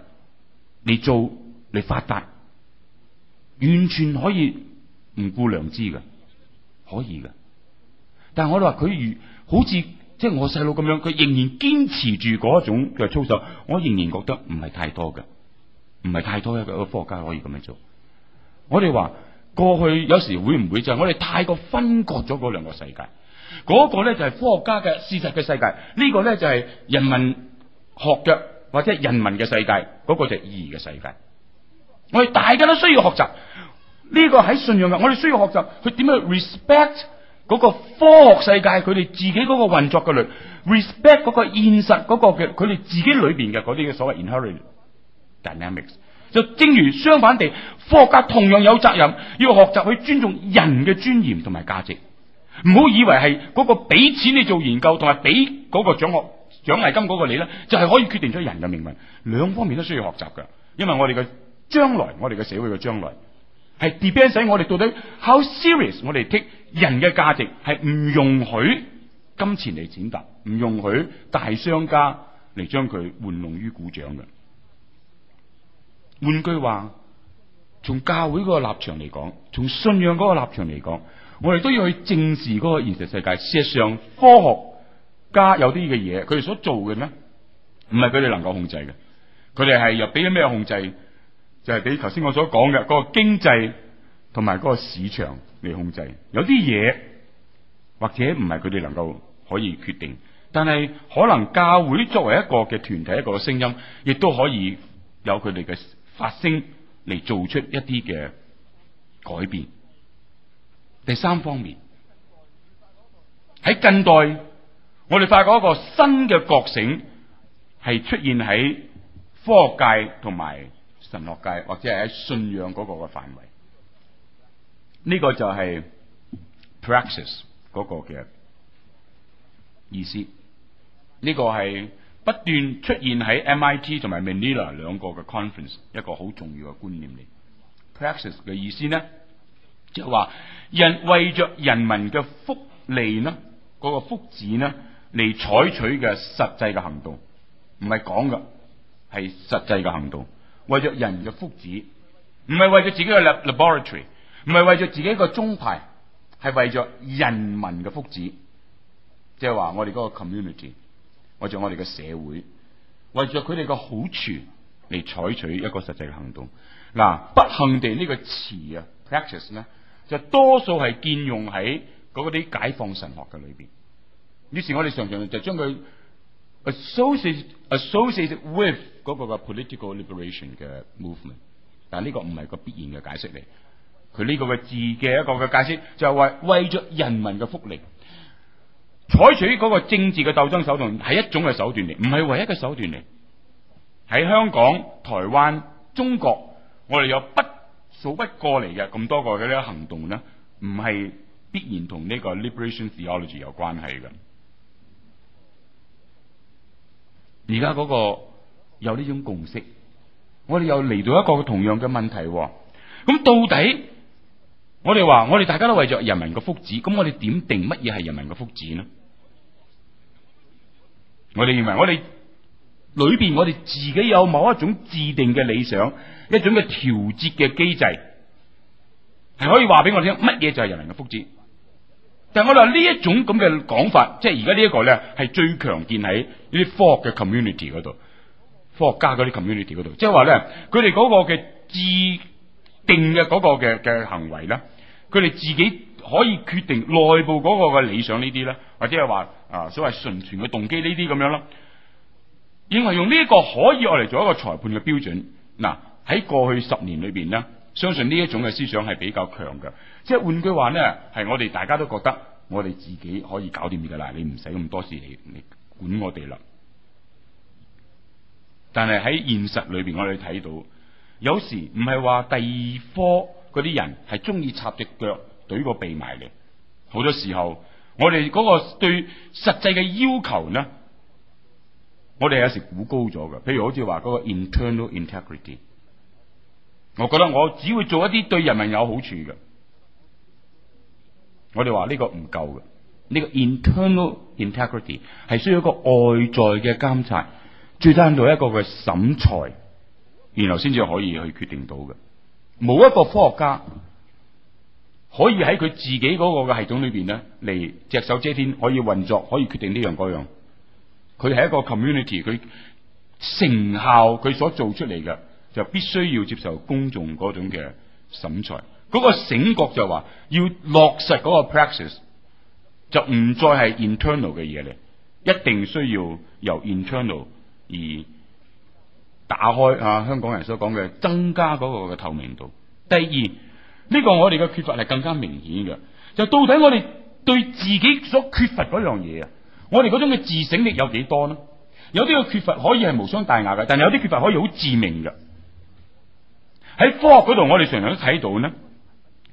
你做你發達，完全可以唔顧良知嘅，可以嘅。但係我哋話佢如好似即係我細佬咁樣，佢仍然堅持住嗰一種嘅操守，我仍然覺得唔係太多嘅，唔係太多一個科學家可以咁樣做。我哋話過去有時會唔會就係我哋太過分割咗嗰兩個世界，嗰、那個咧就係、是、科學家嘅事實嘅世界，這個、呢個咧就係、是、人民學嘅。或者人民嘅世界，嗰個就係意義嘅世界。我哋大家都需要學習呢、呢個喺信仰嘅，我哋需要學習佢點樣 respect 嗰個科學世界佢哋自己嗰個運作嘅律，respect 嗰個現實，嗰個嘅佢哋自己裏邊嘅啲嘅所謂 inherent dynamics。就正如相反地，科學家同樣有責任要學習去尊重人嘅尊嚴同埋價值，唔好以為係個俾錢你做研究同埋俾個獎學金。獎勵金嗰個你咧，就係可以決定咗人嘅命運。兩方面都需要學習噶，因為我哋嘅將來，我哋嘅社會嘅將來，係 depends 我哋到底 how serious 我哋睇人嘅價值係唔容許金錢嚟踐踏，唔容許大商家嚟將佢玩弄於股掌嘅。換句話，從教會嗰個立場嚟講，從信仰嗰個立場嚟講，我哋都要去正視嗰個現實世界。事實上，科學。家有啲嘅嘢，佢哋所做嘅咩，唔係佢哋能夠控制嘅。佢哋係又俾咗咩控制？就係俾頭先我所講嘅嗰個經濟同埋嗰個市場嚟控制。有啲嘢或者唔係佢哋能夠可以決定，但係可能教會作為一個嘅團體，一個聲音，亦都可以有佢哋嘅發聲嚟做出一啲嘅改變。第三方面，喺近代。我哋發覺一個新嘅覺醒係出現喺科學界同埋神學界，或者係喺信仰嗰個嘅範圍。呢、這個就係 praxis 嗰個嘅意思。呢、這個係不斷出現喺 MIT 同埋 Manila 兩個嘅 conference 一個好重要嘅觀念嚟。praxis 嘅意思咧，即係話、是、人為着人民嘅福利呢，嗰、那個福祉呢，嚟採取嘅實際嘅行動，唔係講嘅，係實際嘅行動，為咗人嘅福祉，唔係為咗自己嘅 la, laboratory 唔係為咗自己一個宗派，係為咗人民嘅福祉，即係話我哋嗰個 community，或者我哋嘅社會，為咗佢哋嘅好處嚟採取一個實際嘅行動，嗱、啊，不幸地個、啊 Practice、呢個詞啊，practices 咧，就多數係建用喺嗰啲解放神學嘅裏邊。於是，我哋常常就將佢 associate associate with 嗰個嘅 political liberation 嘅 movement，但係呢個唔係個必然嘅解釋嚟。佢呢個嘅字嘅一個嘅解釋就係為為咗人民嘅福利，採取嗰個政治嘅鬥爭手段係一種嘅手段嚟，唔係唯一嘅手段嚟。喺香港、台灣、中國，我哋有不數不過嚟嘅咁多個嘅呢個行動咧，唔係必然同呢個 liberation theology 有關係嘅。而家嗰個有呢種共識，我哋又嚟到一個同樣嘅問題。咁到底我哋話，我哋大家都為著人民嘅福祉，咁我哋點定乜嘢係人民嘅福祉呢？我哋認為，我哋裏邊我哋自己有某一種自定嘅理想，一種嘅調節嘅機制，係可以話俾我哋聽乜嘢就係人民嘅福祉。但我話呢一種咁嘅講法，即係而家呢一個咧，係最強健喺呢啲科學嘅 community 嗰度，科學家嗰啲 community 嗰度，即係話咧，佢哋嗰個嘅自定嘅嗰個嘅嘅行為咧，佢哋自己可以決定內部嗰個嘅理想呢啲咧，或者係話啊所謂純全嘅動機呢啲咁樣咯，認為用呢個可以我嚟做一個裁判嘅標準。嗱，喺過去十年裏邊咧，相信呢一種嘅思想係比較強嘅，即係換句話咧，係我哋大家都覺得。我哋自己可以搞掂嘅啦，你唔使咁多事嚟，你管我哋啦。但係喺現實裏邊，我哋睇到有時唔係話第二科嗰啲人係中意插隻腳懟個鼻埋嚟。好多時候，我哋嗰個對實際嘅要求呢，我哋有時估高咗嘅。譬如好似話嗰個 internal integrity，我覺得我只會做一啲對人民有好處嘅。我哋話呢個唔夠嘅，呢、這個 internal integrity 係需要一個外在嘅監察，最低限度一個嘅審裁，然後先至可以去決定到嘅。冇一個科學家可以喺佢自己嗰個嘅系統裏邊咧嚟隻手遮天，可以運作，可以決定呢樣嗰樣。佢係一個 community，佢成效佢所做出嚟嘅就必須要接受公眾嗰種嘅審裁。嗰個醒覺就話要落實嗰個 praxis，就唔再係 internal 嘅嘢嚟，一定需要由 internal 而打開啊！香港人所講嘅增加嗰個嘅透明度。第二呢、呢個我哋嘅缺乏係更加明顯嘅，就到底我哋對自己所缺乏嗰樣嘢啊，我哋嗰種嘅自省力有幾多呢？有啲嘅缺乏可以係無傷大雅嘅，但係有啲缺乏可以好致命嘅。喺科學嗰度，我哋常常都睇到呢。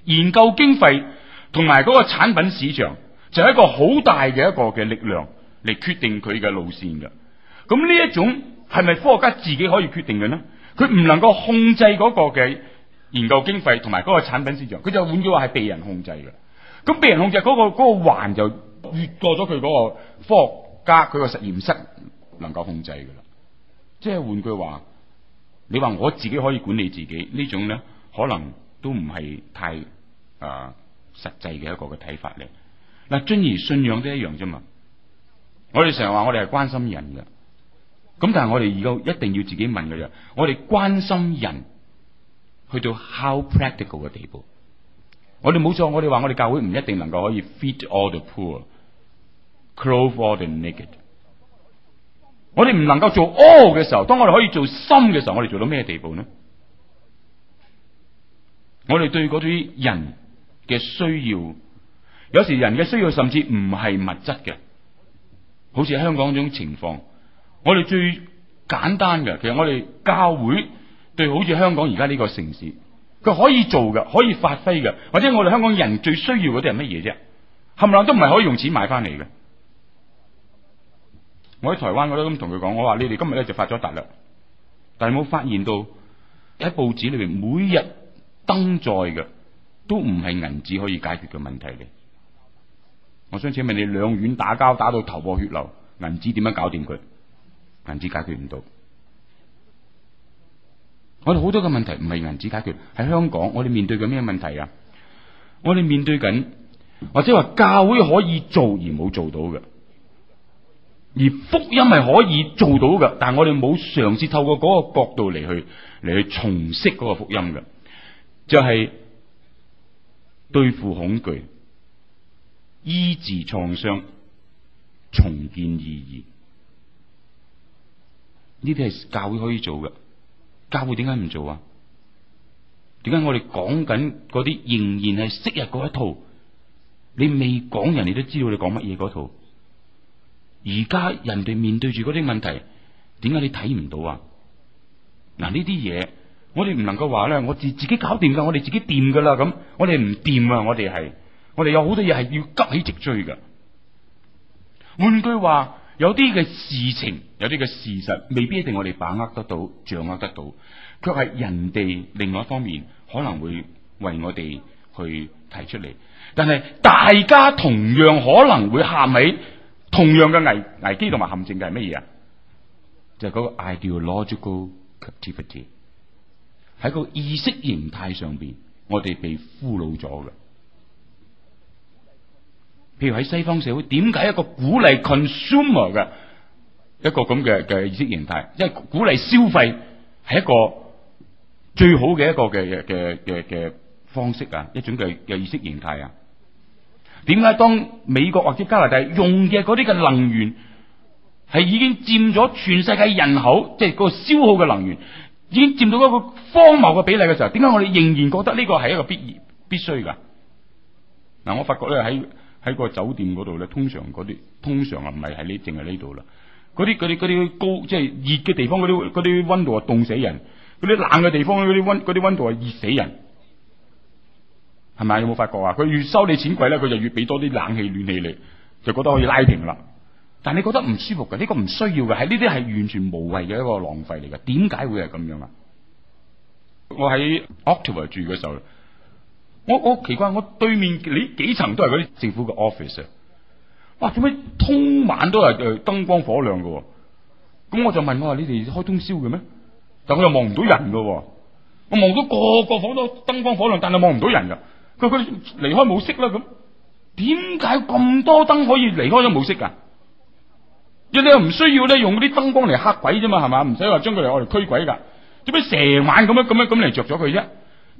研究經費同埋嗰個產品市場就係一個好大嘅一個嘅力量嚟決定佢嘅路線嘅，咁呢一種係咪科學家自己可以決定嘅呢？佢唔能夠控制嗰個嘅研究經費同埋嗰個產品市場，佢就換句話係被人控制嘅，咁被人控制嗰個嗰個環就越過咗佢嗰個科學家佢個實驗室能夠控制噶啦。即係換句話，你話我自己可以管理自己呢種呢，可能都唔係太。啊，實際嘅一個嘅睇法嚟，嗱、啊，遵而信仰都一樣啫嘛。我哋成日話我哋係關心人嘅，咁但係我哋而家一定要自己問嘅就，我哋關心人去到 how practical 嘅地步。我哋冇錯，我哋話我哋教會唔一定能夠可以 feed all the poor，clothe all the naked。我哋唔能夠做 all 嘅時候，當我哋可以做 some 嘅時候，我哋做到咩地步呢？我哋對嗰啲人。嘅需要，有時人嘅需要甚至唔係物質嘅，好似香港種情況。我哋最簡單嘅，其實我哋教會對好似香港而家呢個城市，佢可以做嘅，可以發揮嘅，或者我哋香港人最需要嗰啲係乜嘢啫？冚唪唥都唔係可以用錢買翻嚟嘅。我喺台灣我都咁同佢講，我話你哋今日咧就發咗達啦，但係冇發現到喺報紙裏邊每日登載嘅。都唔係銀紙可以解決嘅問題嚟，我想請問你兩院打交打到頭破血流，銀紙點樣搞掂佢？銀紙解決唔到，我哋好多嘅問題唔係銀紙解決，喺香港我哋面對緊咩問題啊？我哋面對緊或者話教會可以做而冇做到嘅，而福音係可以做到嘅，但係我哋冇嘗試透過嗰個角度嚟，去嚟去重釋嗰個福音嘅，就係，是。對付恐懼，醫治創傷，重建意義，呢啲係教會可以做嘅。教會點解唔做啊？點解我哋講緊嗰啲仍然係昔日嗰一套？你未講人哋都知道你講乜嘢嗰套。而家人哋面對住嗰啲問題，點解你睇唔到啊？嗱，呢啲嘢。我哋唔能夠話咧，我自己我自己搞掂噶，我哋自己掂噶啦咁。我哋唔掂啊！我哋係，我哋有好多嘢係要急起直追噶。換句話，有啲嘅事情，有啲嘅事實，未必一定我哋把握得到，掌握得到，卻係人哋另外一方面可能會為我哋去提出嚟。但係大家同樣可能會陷喺同樣嘅危危機同埋陷阱嘅係乜嘢啊？就係，是，嗰個 ideological captivity。喺個意識形態上邊，我哋被俘虜咗嘅。譬如喺西方社會，點解一個鼓勵 consumer 嘅一個咁嘅嘅意識形態，即係鼓勵消費係一個最好嘅一個嘅嘅嘅嘅嘅方式啊，一種嘅嘅意識形態啊。點解當美國或者加拿大用嘅嗰啲嘅能源係已經佔咗全世界人口即係個消耗嘅能源，已經佔到一個荒謬嘅比例嘅時候，點解我哋仍然覺得呢個係一個必然、必須噶？嗱，我發覺咧喺喺個酒店嗰度咧，通常嗰啲通常啊唔係喺呢，淨係呢度啦。嗰啲啲啲高即係熱嘅地方，嗰啲嗰啲溫度啊凍死人；嗰啲冷嘅地方嗰啲溫啲溫度啊熱死人。係咪？有冇發覺啊？佢越收你錢貴咧，佢就越俾多啲冷氣暖氣嚟，就覺得可以拉平啦。但你覺得唔舒服嘅呢、呢個唔需要嘅，喺呢啲係完全無謂嘅一個浪費嚟嘅。點解會係咁樣啊？我喺 October 住嘅時候，我我奇怪，我對面你幾層都係嗰啲政府嘅 office，哇！點解通晚都係燈光火亮嘅？咁我就問我話、啊：你哋開通宵嘅咩？但我又望唔到人喎。我望到個個房都燈光火亮，但係望唔到人㗎。佢佢離開冇熄啦咁，點解咁多燈可以離開咗冇熄㗎？你又唔需要咧用嗰啲燈光嚟黑鬼啫嘛，係嘛？唔使話將佢嚟我哋驅鬼噶，點解成晚咁樣咁樣咁嚟着咗佢啫？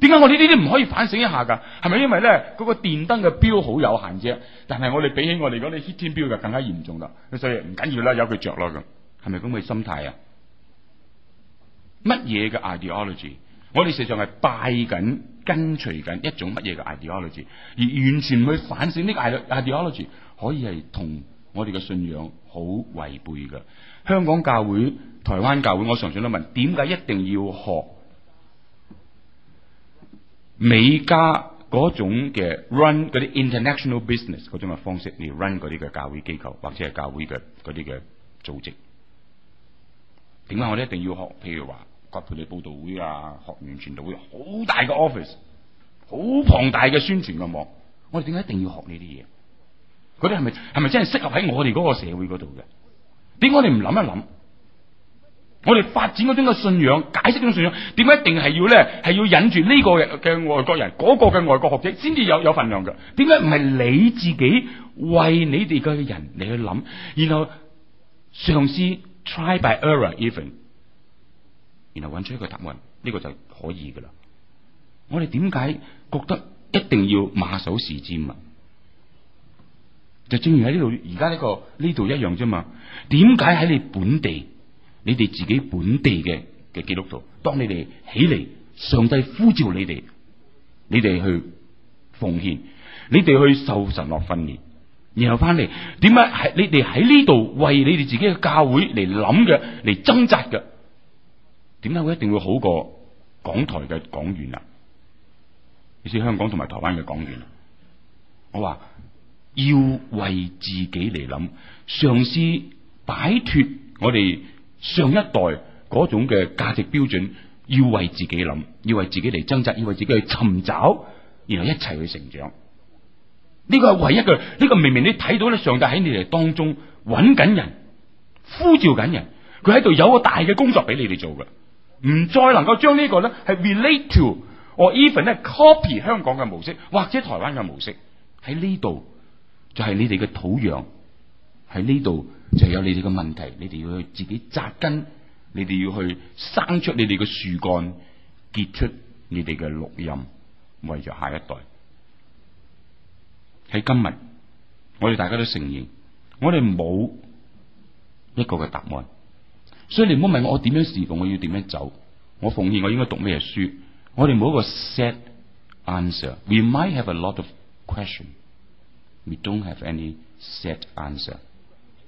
點解我哋呢啲唔可以反省一下噶？係咪因為咧嗰個電燈嘅標好有限啫？但係我哋比起我哋嗰啲 heating 標就更加嚴重啦，所以唔緊要啦，由佢着咯咁，係咪咁嘅心態啊？乜嘢嘅 ideology？我哋實際上係拜緊跟隨緊一種乜嘢嘅 ideology，而完全唔去反省呢個 ideology 可以係同。我哋嘅信仰好違背噶，香港教會、台灣教會，我常常都問：點解一定要學美加嗰種嘅 run 啲 international business 嗰種嘅方式？你 run 啲嘅教會機構，或者係教會嘅啲嘅組織，點解我哋一定要學？譬如話葛培理佈道會啊，學園傳道會，好大嘅 office，好龐大嘅宣傳嘅網，我哋點解一定要學呢啲嘢？嗰啲係咪係咪真係適合喺我哋個社會度嘅？點解我哋唔諗一諗？我哋發展嗰種嘅信仰，解釋嗰種信仰，點解一定係要咧，係要忍住呢個嘅外國人，嗰個嘅外國學者才有，先至有有份量嘅？點解唔係你自己為你哋嘅人你去諗，然後嘗試 try by error even，然後搵出一個答案，呢、這個就可以噶啦。我哋點解覺得一定要馬首是瞻啊？就正如喺呢度，而家呢個呢度一樣啫嘛。點解喺你本地，你哋自己本地嘅嘅基督徒，當你哋起嚟，上帝呼召你哋，你哋去奉獻，你哋去受神學訓練，然後翻嚟，點解喺你哋喺呢度為你哋自己嘅教會嚟諗嘅，嚟掙扎嘅，點解會一定會好過港台嘅講員啊？意思香港同埋台灣嘅講員啊，我話。要為自己嚟諗，嘗試擺脫我哋上一代嗰種嘅價值標準。要為自己諗，要為自己嚟掙扎，要為自己去尋找，然後一齊去成長。呢個係唯一嘅。呢個明明你睇到咧，上帝喺你哋當中揾緊人，呼召緊人，佢喺度有個大嘅工作俾你哋做嘅，唔再能夠將呢個咧係 relate to or even 咧 copy 香港嘅模式或者台灣嘅模式喺呢度。在這裏就係你哋嘅土壤喺呢度，在這就有你哋嘅問題，你哋要去自己扎根，你哋要去生出你哋嘅樹幹，結出你哋嘅綠蔭，為咗下一代。喺今日，我哋大家都承認，我哋冇一個嘅答案，所以你唔好問我，我點樣侍奉，我要點樣走，我奉獻，我應該讀咩書，我哋冇一個 set answer。We might have a lot of question. We don't have any set answer，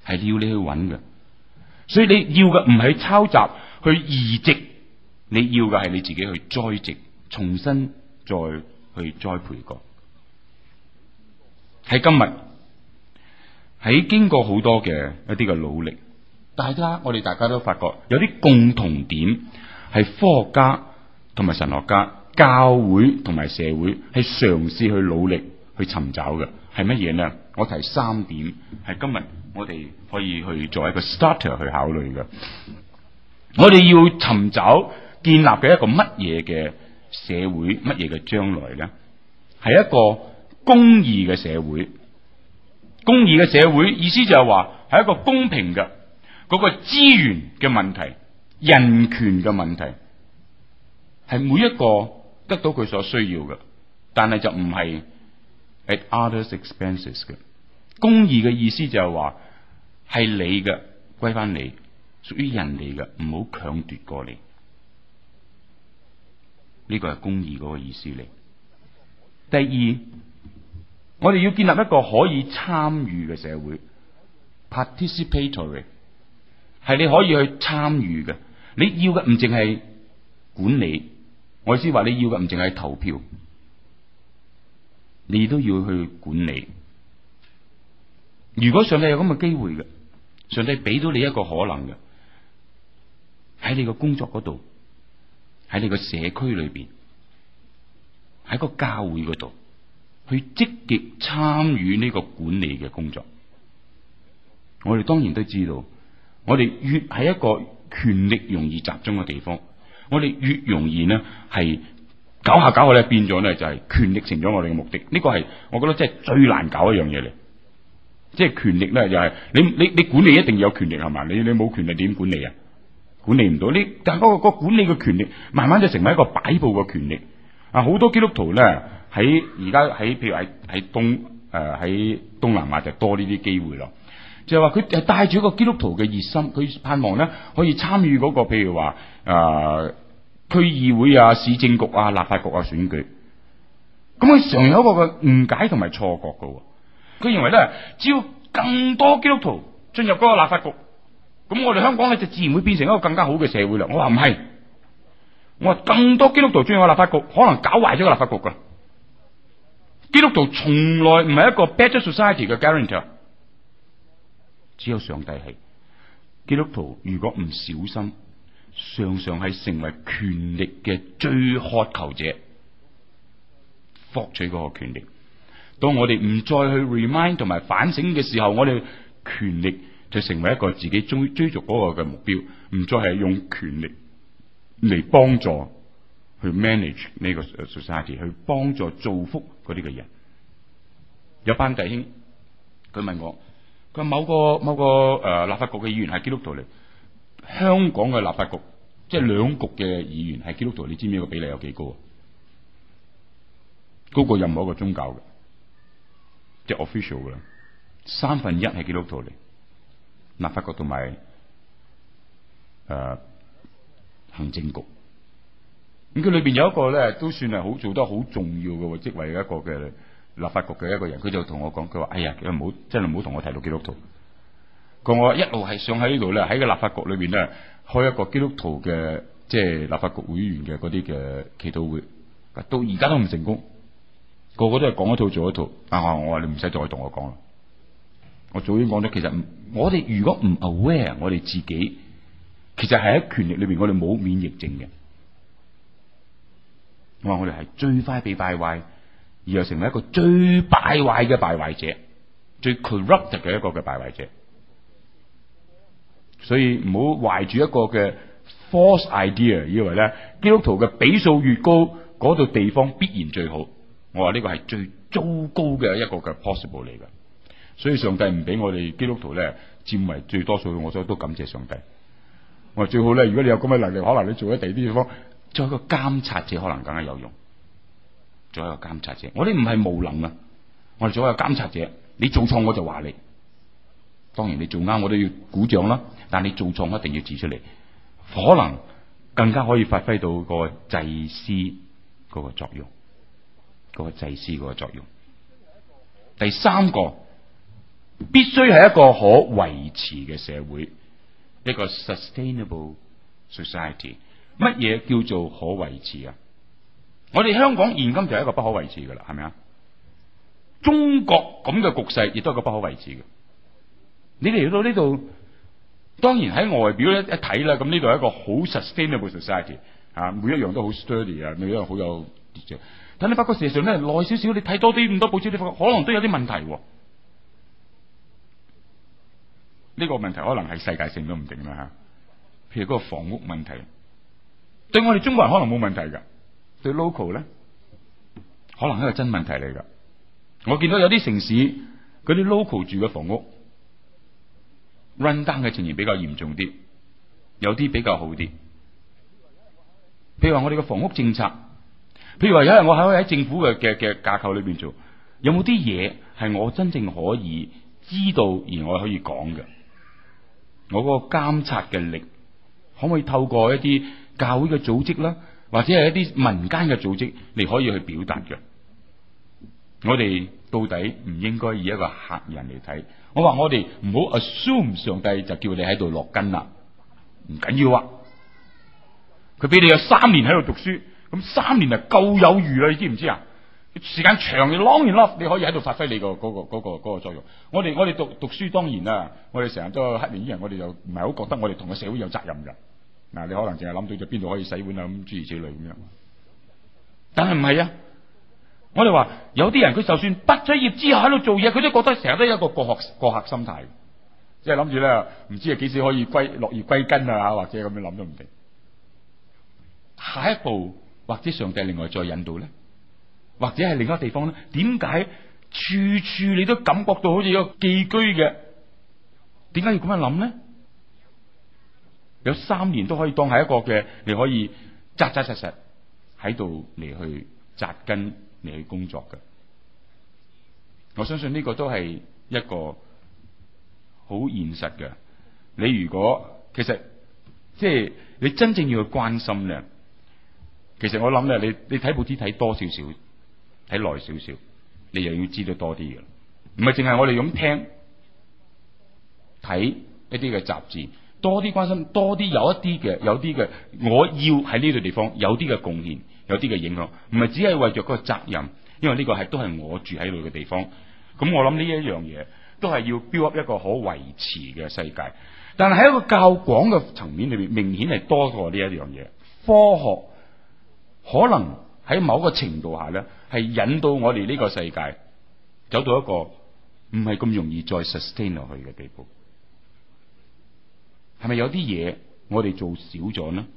係要你去揾嘅，所以你要嘅唔係抄襲，去移植，你要嘅係你自己去栽植，重新再去栽培過。喺今日，喺經過好多嘅一啲嘅努力，大家我哋大家都發覺有啲共同點，係科學家同埋神學家、教會同埋社會係嘗試去努力去尋找嘅。係乜嘢咧？我提三點，係今日我哋可以去做一個 starter 去考慮嘅。我哋要尋找建立嘅一個乜嘢嘅社會，乜嘢嘅將來咧？係一個公義嘅社會，公義嘅社會意思就係話係一個公平嘅嗰個資源嘅問題、人權嘅問題，係每一個得到佢所需要嘅，但係就唔係。at others' expenses 嘅。公義嘅意思就係話，係你嘅歸翻你，屬於人哋嘅唔好強奪過嚟，呢個係公義嗰個意思嚟。第二，我哋要建立一個可以參與嘅社會，participatory 係你可以去參與嘅，你要嘅唔淨係管理，我意思話你要嘅唔淨係投票。你都要去管理。如果上帝有咁嘅機會嘅，上帝俾到你一個可能嘅，喺你個工作嗰度，喺你個社區裏邊，喺個教會嗰度，去積極參與呢個管理嘅工作。我哋當然都知道，我哋越喺一個權力容易集中嘅地方，我哋越容易咧，係。搞下搞下咧，變咗咧就係權力成咗我哋嘅目的。呢、這個係我覺得即係最難搞一樣嘢嚟。即、就、係、是、權力咧、就是，就係你你你管理一定要有權力係嘛？你你冇權力點管理啊？管理唔到。呢但嗰個、那個管理嘅權力，慢慢就成為一個擺布嘅權力。啊，好多基督徒咧喺而家喺譬如喺喺東誒喺、呃、東南亞就多呢啲機會咯。就話佢帶帶住一個基督徒嘅熱心，佢盼望咧可以參與嗰個譬如話誒。呃區議會啊、市政局啊、立法局啊選舉，咁佢常有一個嘅誤解同埋錯覺噶。佢認為咧，只要更多基督徒進入嗰個立法局，咁我哋香港咧就自然會變成一個更加好嘅社會啦。我話唔係，我話更多基督徒進入個立法局，可能搞壞咗個立法局噶。基督徒從來唔係一個 better society 嘅 guarantee，只有上帝係。基督徒如果唔小心。常常係成為權力嘅最渴求者，獲取嗰個權力。當我哋唔再去 remind 同埋反省嘅時候，我哋權力就成為一個自己追追逐嗰個嘅目標，唔再係用權力嚟幫助去 manage 呢個 society，去幫助造福嗰啲嘅人。有班弟兄，佢問我，佢某個某個誒立法局嘅議員喺基督徒嚟。香港嘅立法局，即係兩局嘅議員係基督徒，你知唔知個比例有幾高？高過任何一個宗教嘅，即係 official 嘅，三分一係基督徒嚟。立法局同埋誒行政局，咁佢裏邊有一個咧，都算係好做得好重要嘅職位嘅一個嘅立法局嘅一個人，佢就同我講，佢話：哎呀，你唔好，即係唔好同我提到基督徒。我一路係想喺呢度咧，喺個立法局裏邊咧開一個基督徒嘅，即係立法局會員嘅嗰啲嘅祈禱會。到而家都唔成功，個個都係講一套做一套。啊，我話你唔使再同我講啦。我早已經講咗，其實我哋如果唔 aware 我哋自己，其實係喺權力裏邊，我哋冇免疫症嘅。我話我哋係最快被敗壞，而又成為一個最敗壞嘅敗壞者，最 corrupt 嘅一個嘅敗壞者。所以唔好懷住一個嘅 false idea，以為咧基督徒嘅比數越高，嗰度地方必然最好。我話呢個係最糟糕嘅一個嘅 possible 嚟嘅。所以上帝唔俾我哋基督徒咧佔為最多數，我所以都感謝上帝。我話最好咧，如果你有咁嘅能力，可能你做喺第啲地方，做一個監察者可能更加有用。做一個監察者，我哋唔係無能啊，我哋做一個監察者，你做錯我就話你。當然你做啱，我都要鼓掌啦。但你做錯一定要指出嚟，可能更加可以發揮到個祭司嗰個作用，嗰、那個祭司嗰個作用。第三個必須係一個可維持嘅社會，一、這個 sustainable society。乜嘢叫做可維持啊？我哋香港現今就係一個不可維持噶啦，係咪啊？中國咁嘅局勢亦都係一個不可維持嘅。你哋嚟到呢度。當然喺外表一一睇咧，咁呢度係一個好 sustainable society，啊，每一樣都好 sturdy 啊，每一樣好有秩序。但你發覺事實上咧，耐少少你睇多啲咁多報紙，你發覺可能都有啲問題。呢、呢個問題可能係世界性都唔定啦嚇。譬如嗰個房屋問題，對我哋中國人可能冇問題㗎，對 local 咧可能係一個真問題嚟㗎。我見到有啲城市嗰啲 local 住嘅房屋。run down 嘅情形比較嚴重啲，有啲比較好啲。譬如話我哋嘅房屋政策，譬如話有人我喺喺政府嘅嘅嘅架構裏邊做，有冇啲嘢係我真正可以知道而我可以講嘅？我個監察嘅力可唔可以透過一啲教會嘅組織啦，或者係一啲民間嘅組織嚟，可以去表達嘅？我哋到底唔應該以一個客人嚟睇？我話我哋唔好 assume 上帝就叫你喺度落根啦，唔緊要啊！佢俾你有三年喺度讀書，咁三年啊夠有餘啦，你知唔知啊？時間長，long enough，你可以喺度發揮你、嗰個、嗰個、嗰個、嗰個作用。我哋我哋讀讀書當然啦、啊，我哋成日都黑人衣人，我哋就唔係好覺得我哋同個社會有責任嘅嗱，你可能淨係諗到就邊度可以洗碗啊咁諸如此類咁樣，但係唔係啊？我哋話有啲人，佢就算畢咗業之後喺度做嘢，佢都覺得成日都有一個過客心態，即係諗住咧，唔知幾時可以歸落葉歸根啊，或者咁樣諗都唔定。下一步或者上帝另外再引導咧，或者係另一個地方咧？點解處處你都感覺到好似一個寄居嘅？點解要咁樣諗咧？有三年都可以當係一個嘅，你可以紮扎實實喺度嚟去紮根。嚟去工作嘅，我相信呢個都係一個好現實嘅。你如果其實即係你真正要去關心咧，其實我諗咧，你你睇報紙睇多少少，睇耐少少，你又要知道多啲嘅，唔係淨係我哋咁聽睇一啲嘅雜誌，多啲關心，多啲有一啲嘅，有啲嘅，我要喺呢個地方有啲嘅貢獻。有啲嘅影響，唔係只係為咗個責任，因為呢個係都係我住喺度嘅地方。咁我諗呢一樣嘢，都係要 build up 一個可維持嘅世界。但係喺一個較廣嘅層面裏面，明顯係多過呢一樣嘢。科學可能喺某個程度下咧，係引導我哋呢個世界走到一個唔係咁容易再 sustain 落去嘅地步。係咪有啲嘢我哋做少咗呢？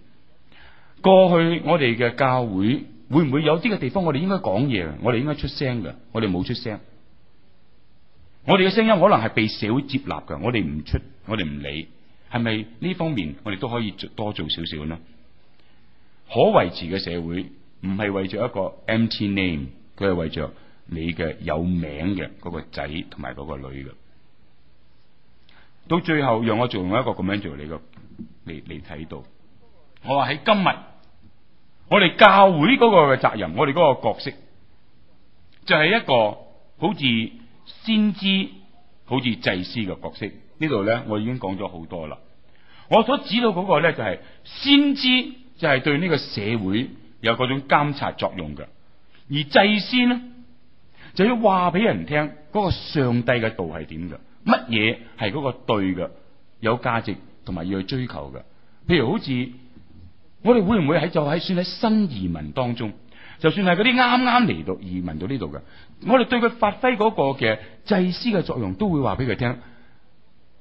過去我哋嘅教會會唔會有啲嘅地方我哋應該講，我哋應該講嘢，我哋應該出聲嘅，我哋冇出聲。我哋嘅聲音可能係被社會接納嘅，我哋唔出，我哋唔理，係咪呢方面我哋都可以做多做少少呢？可維持嘅社會唔係為咗一個 MT name，佢係為咗你嘅有名嘅個仔同埋個女嘅。到最後讓我做用一個咁樣做，你個你你睇到，我話喺今日。我哋教會嗰個嘅責任，我哋嗰個角色就係、是、一個好似先知、好似祭司嘅角色。呢度咧我已經講咗好多啦。我所指到嗰個咧就係先知，就係對呢個社會有嗰種監察作用嘅；而祭司咧就是、要話俾人聽嗰個上帝嘅道係點嘅，乜嘢係嗰個對嘅，有價值同埋要去追求嘅。譬如好似。我哋會唔會喺就喺算喺新移民當中，就算係嗰啲啱啱嚟到移民到呢度嘅，我哋對佢發揮嗰個嘅祭司嘅作用，都會話俾佢聽：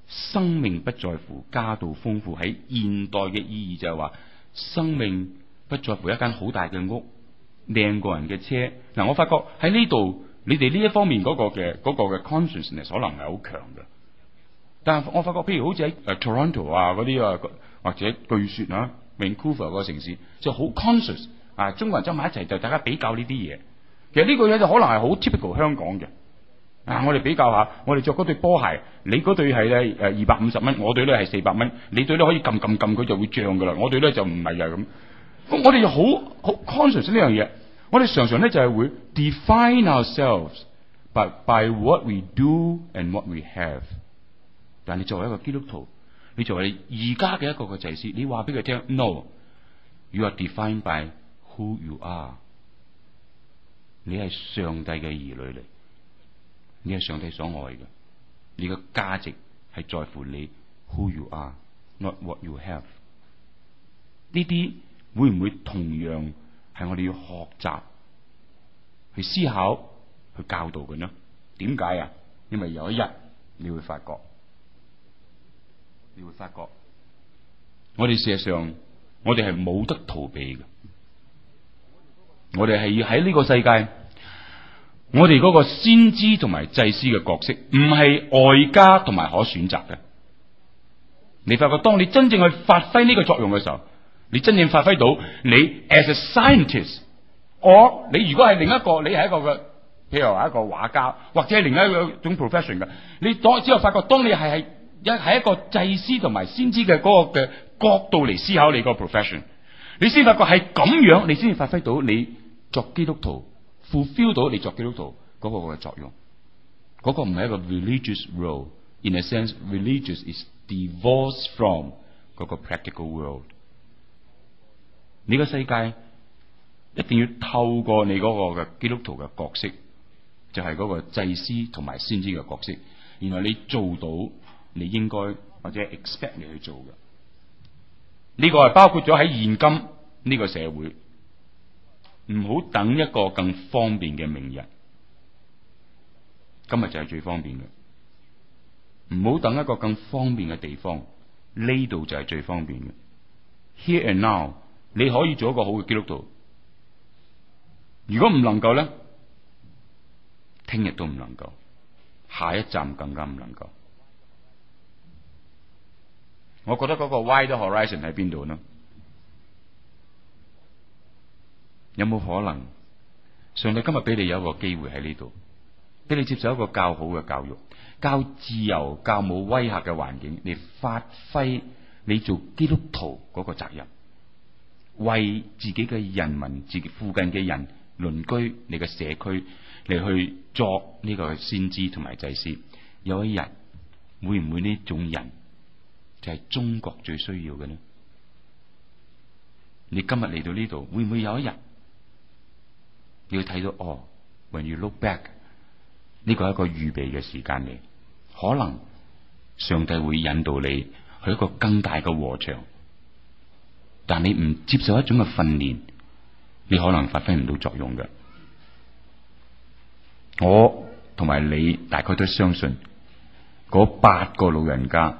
生命不在乎家道豐富。喺現代嘅意義就係話，生命不在乎一間好大嘅屋、靚個人嘅車。嗱，我發覺喺呢度，你哋呢一方面嗰個嘅嗰個嘅 consciousness 可能係好強嘅。但係我發覺，譬如好似喺誒 Toronto 啊嗰啲啊，或者據説啊。Vancouver 個城市就好 conscious 啊！中國人走埋一齊就大家比較呢啲嘢，其實呢個嘢就可能係好 typical 香港嘅。嗱、啊，我哋比較下，我哋着嗰對波鞋，你嗰對係咧誒二百五十蚊，我對咧係四百蚊。你對咧可以撳撳撳佢就會漲噶啦，我對咧就唔係啊咁。咁我哋就好好 conscious 呢樣嘢，我哋常常咧就係會 define ourselves by by what we do and what we have。但係你作為一個基督徒。你作為而家嘅一個個祭司，你話俾佢聽，no。You are defined by who you are 你。你係上帝嘅兒女嚟，你係上帝所愛嘅，你嘅價值係在乎你 who you are，not what you have。呢啲會唔會同樣係我哋要學習、去思考、去教導佢呢？點解啊？因為有一日你會發覺。你會發覺我哋，事實上我哋係冇得逃避嘅。我哋係要喺呢個世界，我哋嗰個先知同埋祭司嘅角色，唔係外加同埋可選擇嘅。你發覺當你真正去發揮呢個作用嘅時候，你真正發揮到你 as a scientist，我你如果係另一個，你係一個嘅譬如話一個畫家，或者係另一一種 profession 嘅，你當之後發覺當你係係。一係一個祭司同埋先知嘅個嘅角度嚟思考你個 profession，你先發覺係咁樣，你先至發揮到你作基督徒 fulfill 到你作基督徒嗰個嘅作用。個唔係一個 religious role，in a sense，religious is divorced from 嗰個 practical world。你個世界一定要透過你個嘅基督徒嘅角色，就係個祭司同埋先知嘅角色，然後你做到。你應該或者 expect 你去做嘅，呢個係包括咗喺現今呢個社會。唔好等一個更方便嘅明日，今日就係最方便嘅，唔好等一個更方便嘅地方，呢度就係最方便嘅。Here and now，你可以做一個好嘅基督徒，如果唔能夠咧，聽日都唔能夠，下一站更加唔能夠。我覺得嗰個 wider horizon 喺邊度呢？有冇可能上帝今日俾你有一個機會喺呢度，俾你接受一個較好嘅教育，較自由、較冇威嚇嘅環境，你發揮你做基督徒嗰個責任，為自己嘅人民、自己附近嘅人、鄰居你的社區、你嘅社區嚟去作呢個先知同埋祭司。有一日會唔會呢種人？就係中國最需要嘅。你今日嚟到呢度，會唔會有一日要睇到？哦，oh，when you look back，呢個係一個預備嘅時間嚟，可能上帝會引導你去一個更大嘅和場。但你唔接受一種嘅訓練，你可能發揮唔到作用嘅。我同埋你大概都相信嗰八個老人家。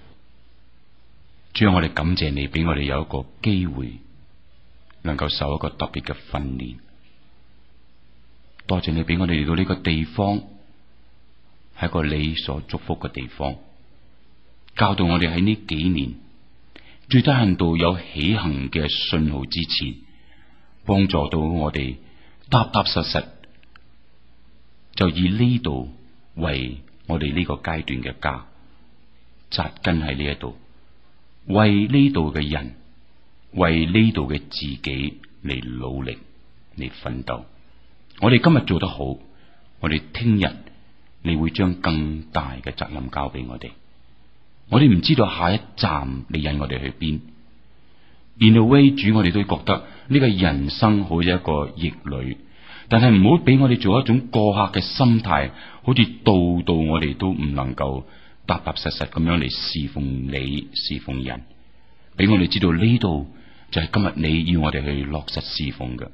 主要我哋感謝你俾我哋有一個機會，能夠受一個特別嘅訓練。多謝你俾我哋嚟到呢個地方，係一個你所祝福嘅地方，教導我哋喺呢幾年，最低限度有起行嘅信號之前，幫助到我哋踏踏實實，就以呢度為我哋呢個階段嘅家紮根喺呢一度。為呢度嘅人，為呢度嘅自己嚟努力，嚟奮鬥。我哋今日做得好，我哋聽日你會將更大嘅責任交俾我哋。我哋唔知道下一站你引我哋去邊？變到威主，我哋都覺得呢個人生好似一個逆旅，但係唔好俾我哋做一種過客嘅心態，好似到度我哋都唔能夠。踏踏實實咁樣嚟侍奉你，侍奉人，俾我哋知道呢度就係今日你要我哋去落實侍奉嘅。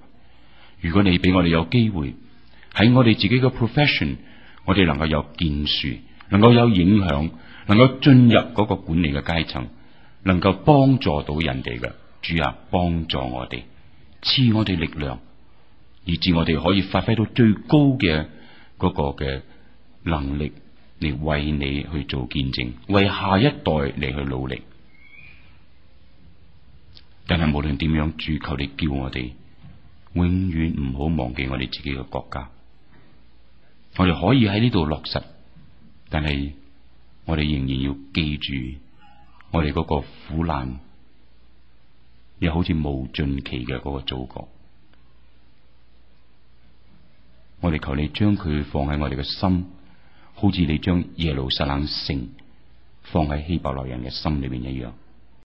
如果你俾我哋有機會喺我哋自己嘅 profession，我哋能夠有建樹，能夠有影響，能夠進入嗰個管理嘅階層，能夠幫助到人哋嘅。主啊，幫助我哋賜我哋力量，以致我哋可以發揮到最高嘅嗰個嘅能力。嚟為你去做見證，為下一代你去努力。但係無論點樣，主求你叫我哋永遠唔好忘記我哋自己嘅國家。我哋可以喺呢度落實，但係我哋仍然要記住我哋嗰個苦難，又好似無盡期嘅嗰個祖國。我哋求你將佢放喺我哋嘅心，好似你將耶路撒冷城放喺希伯來人嘅心裏面一樣。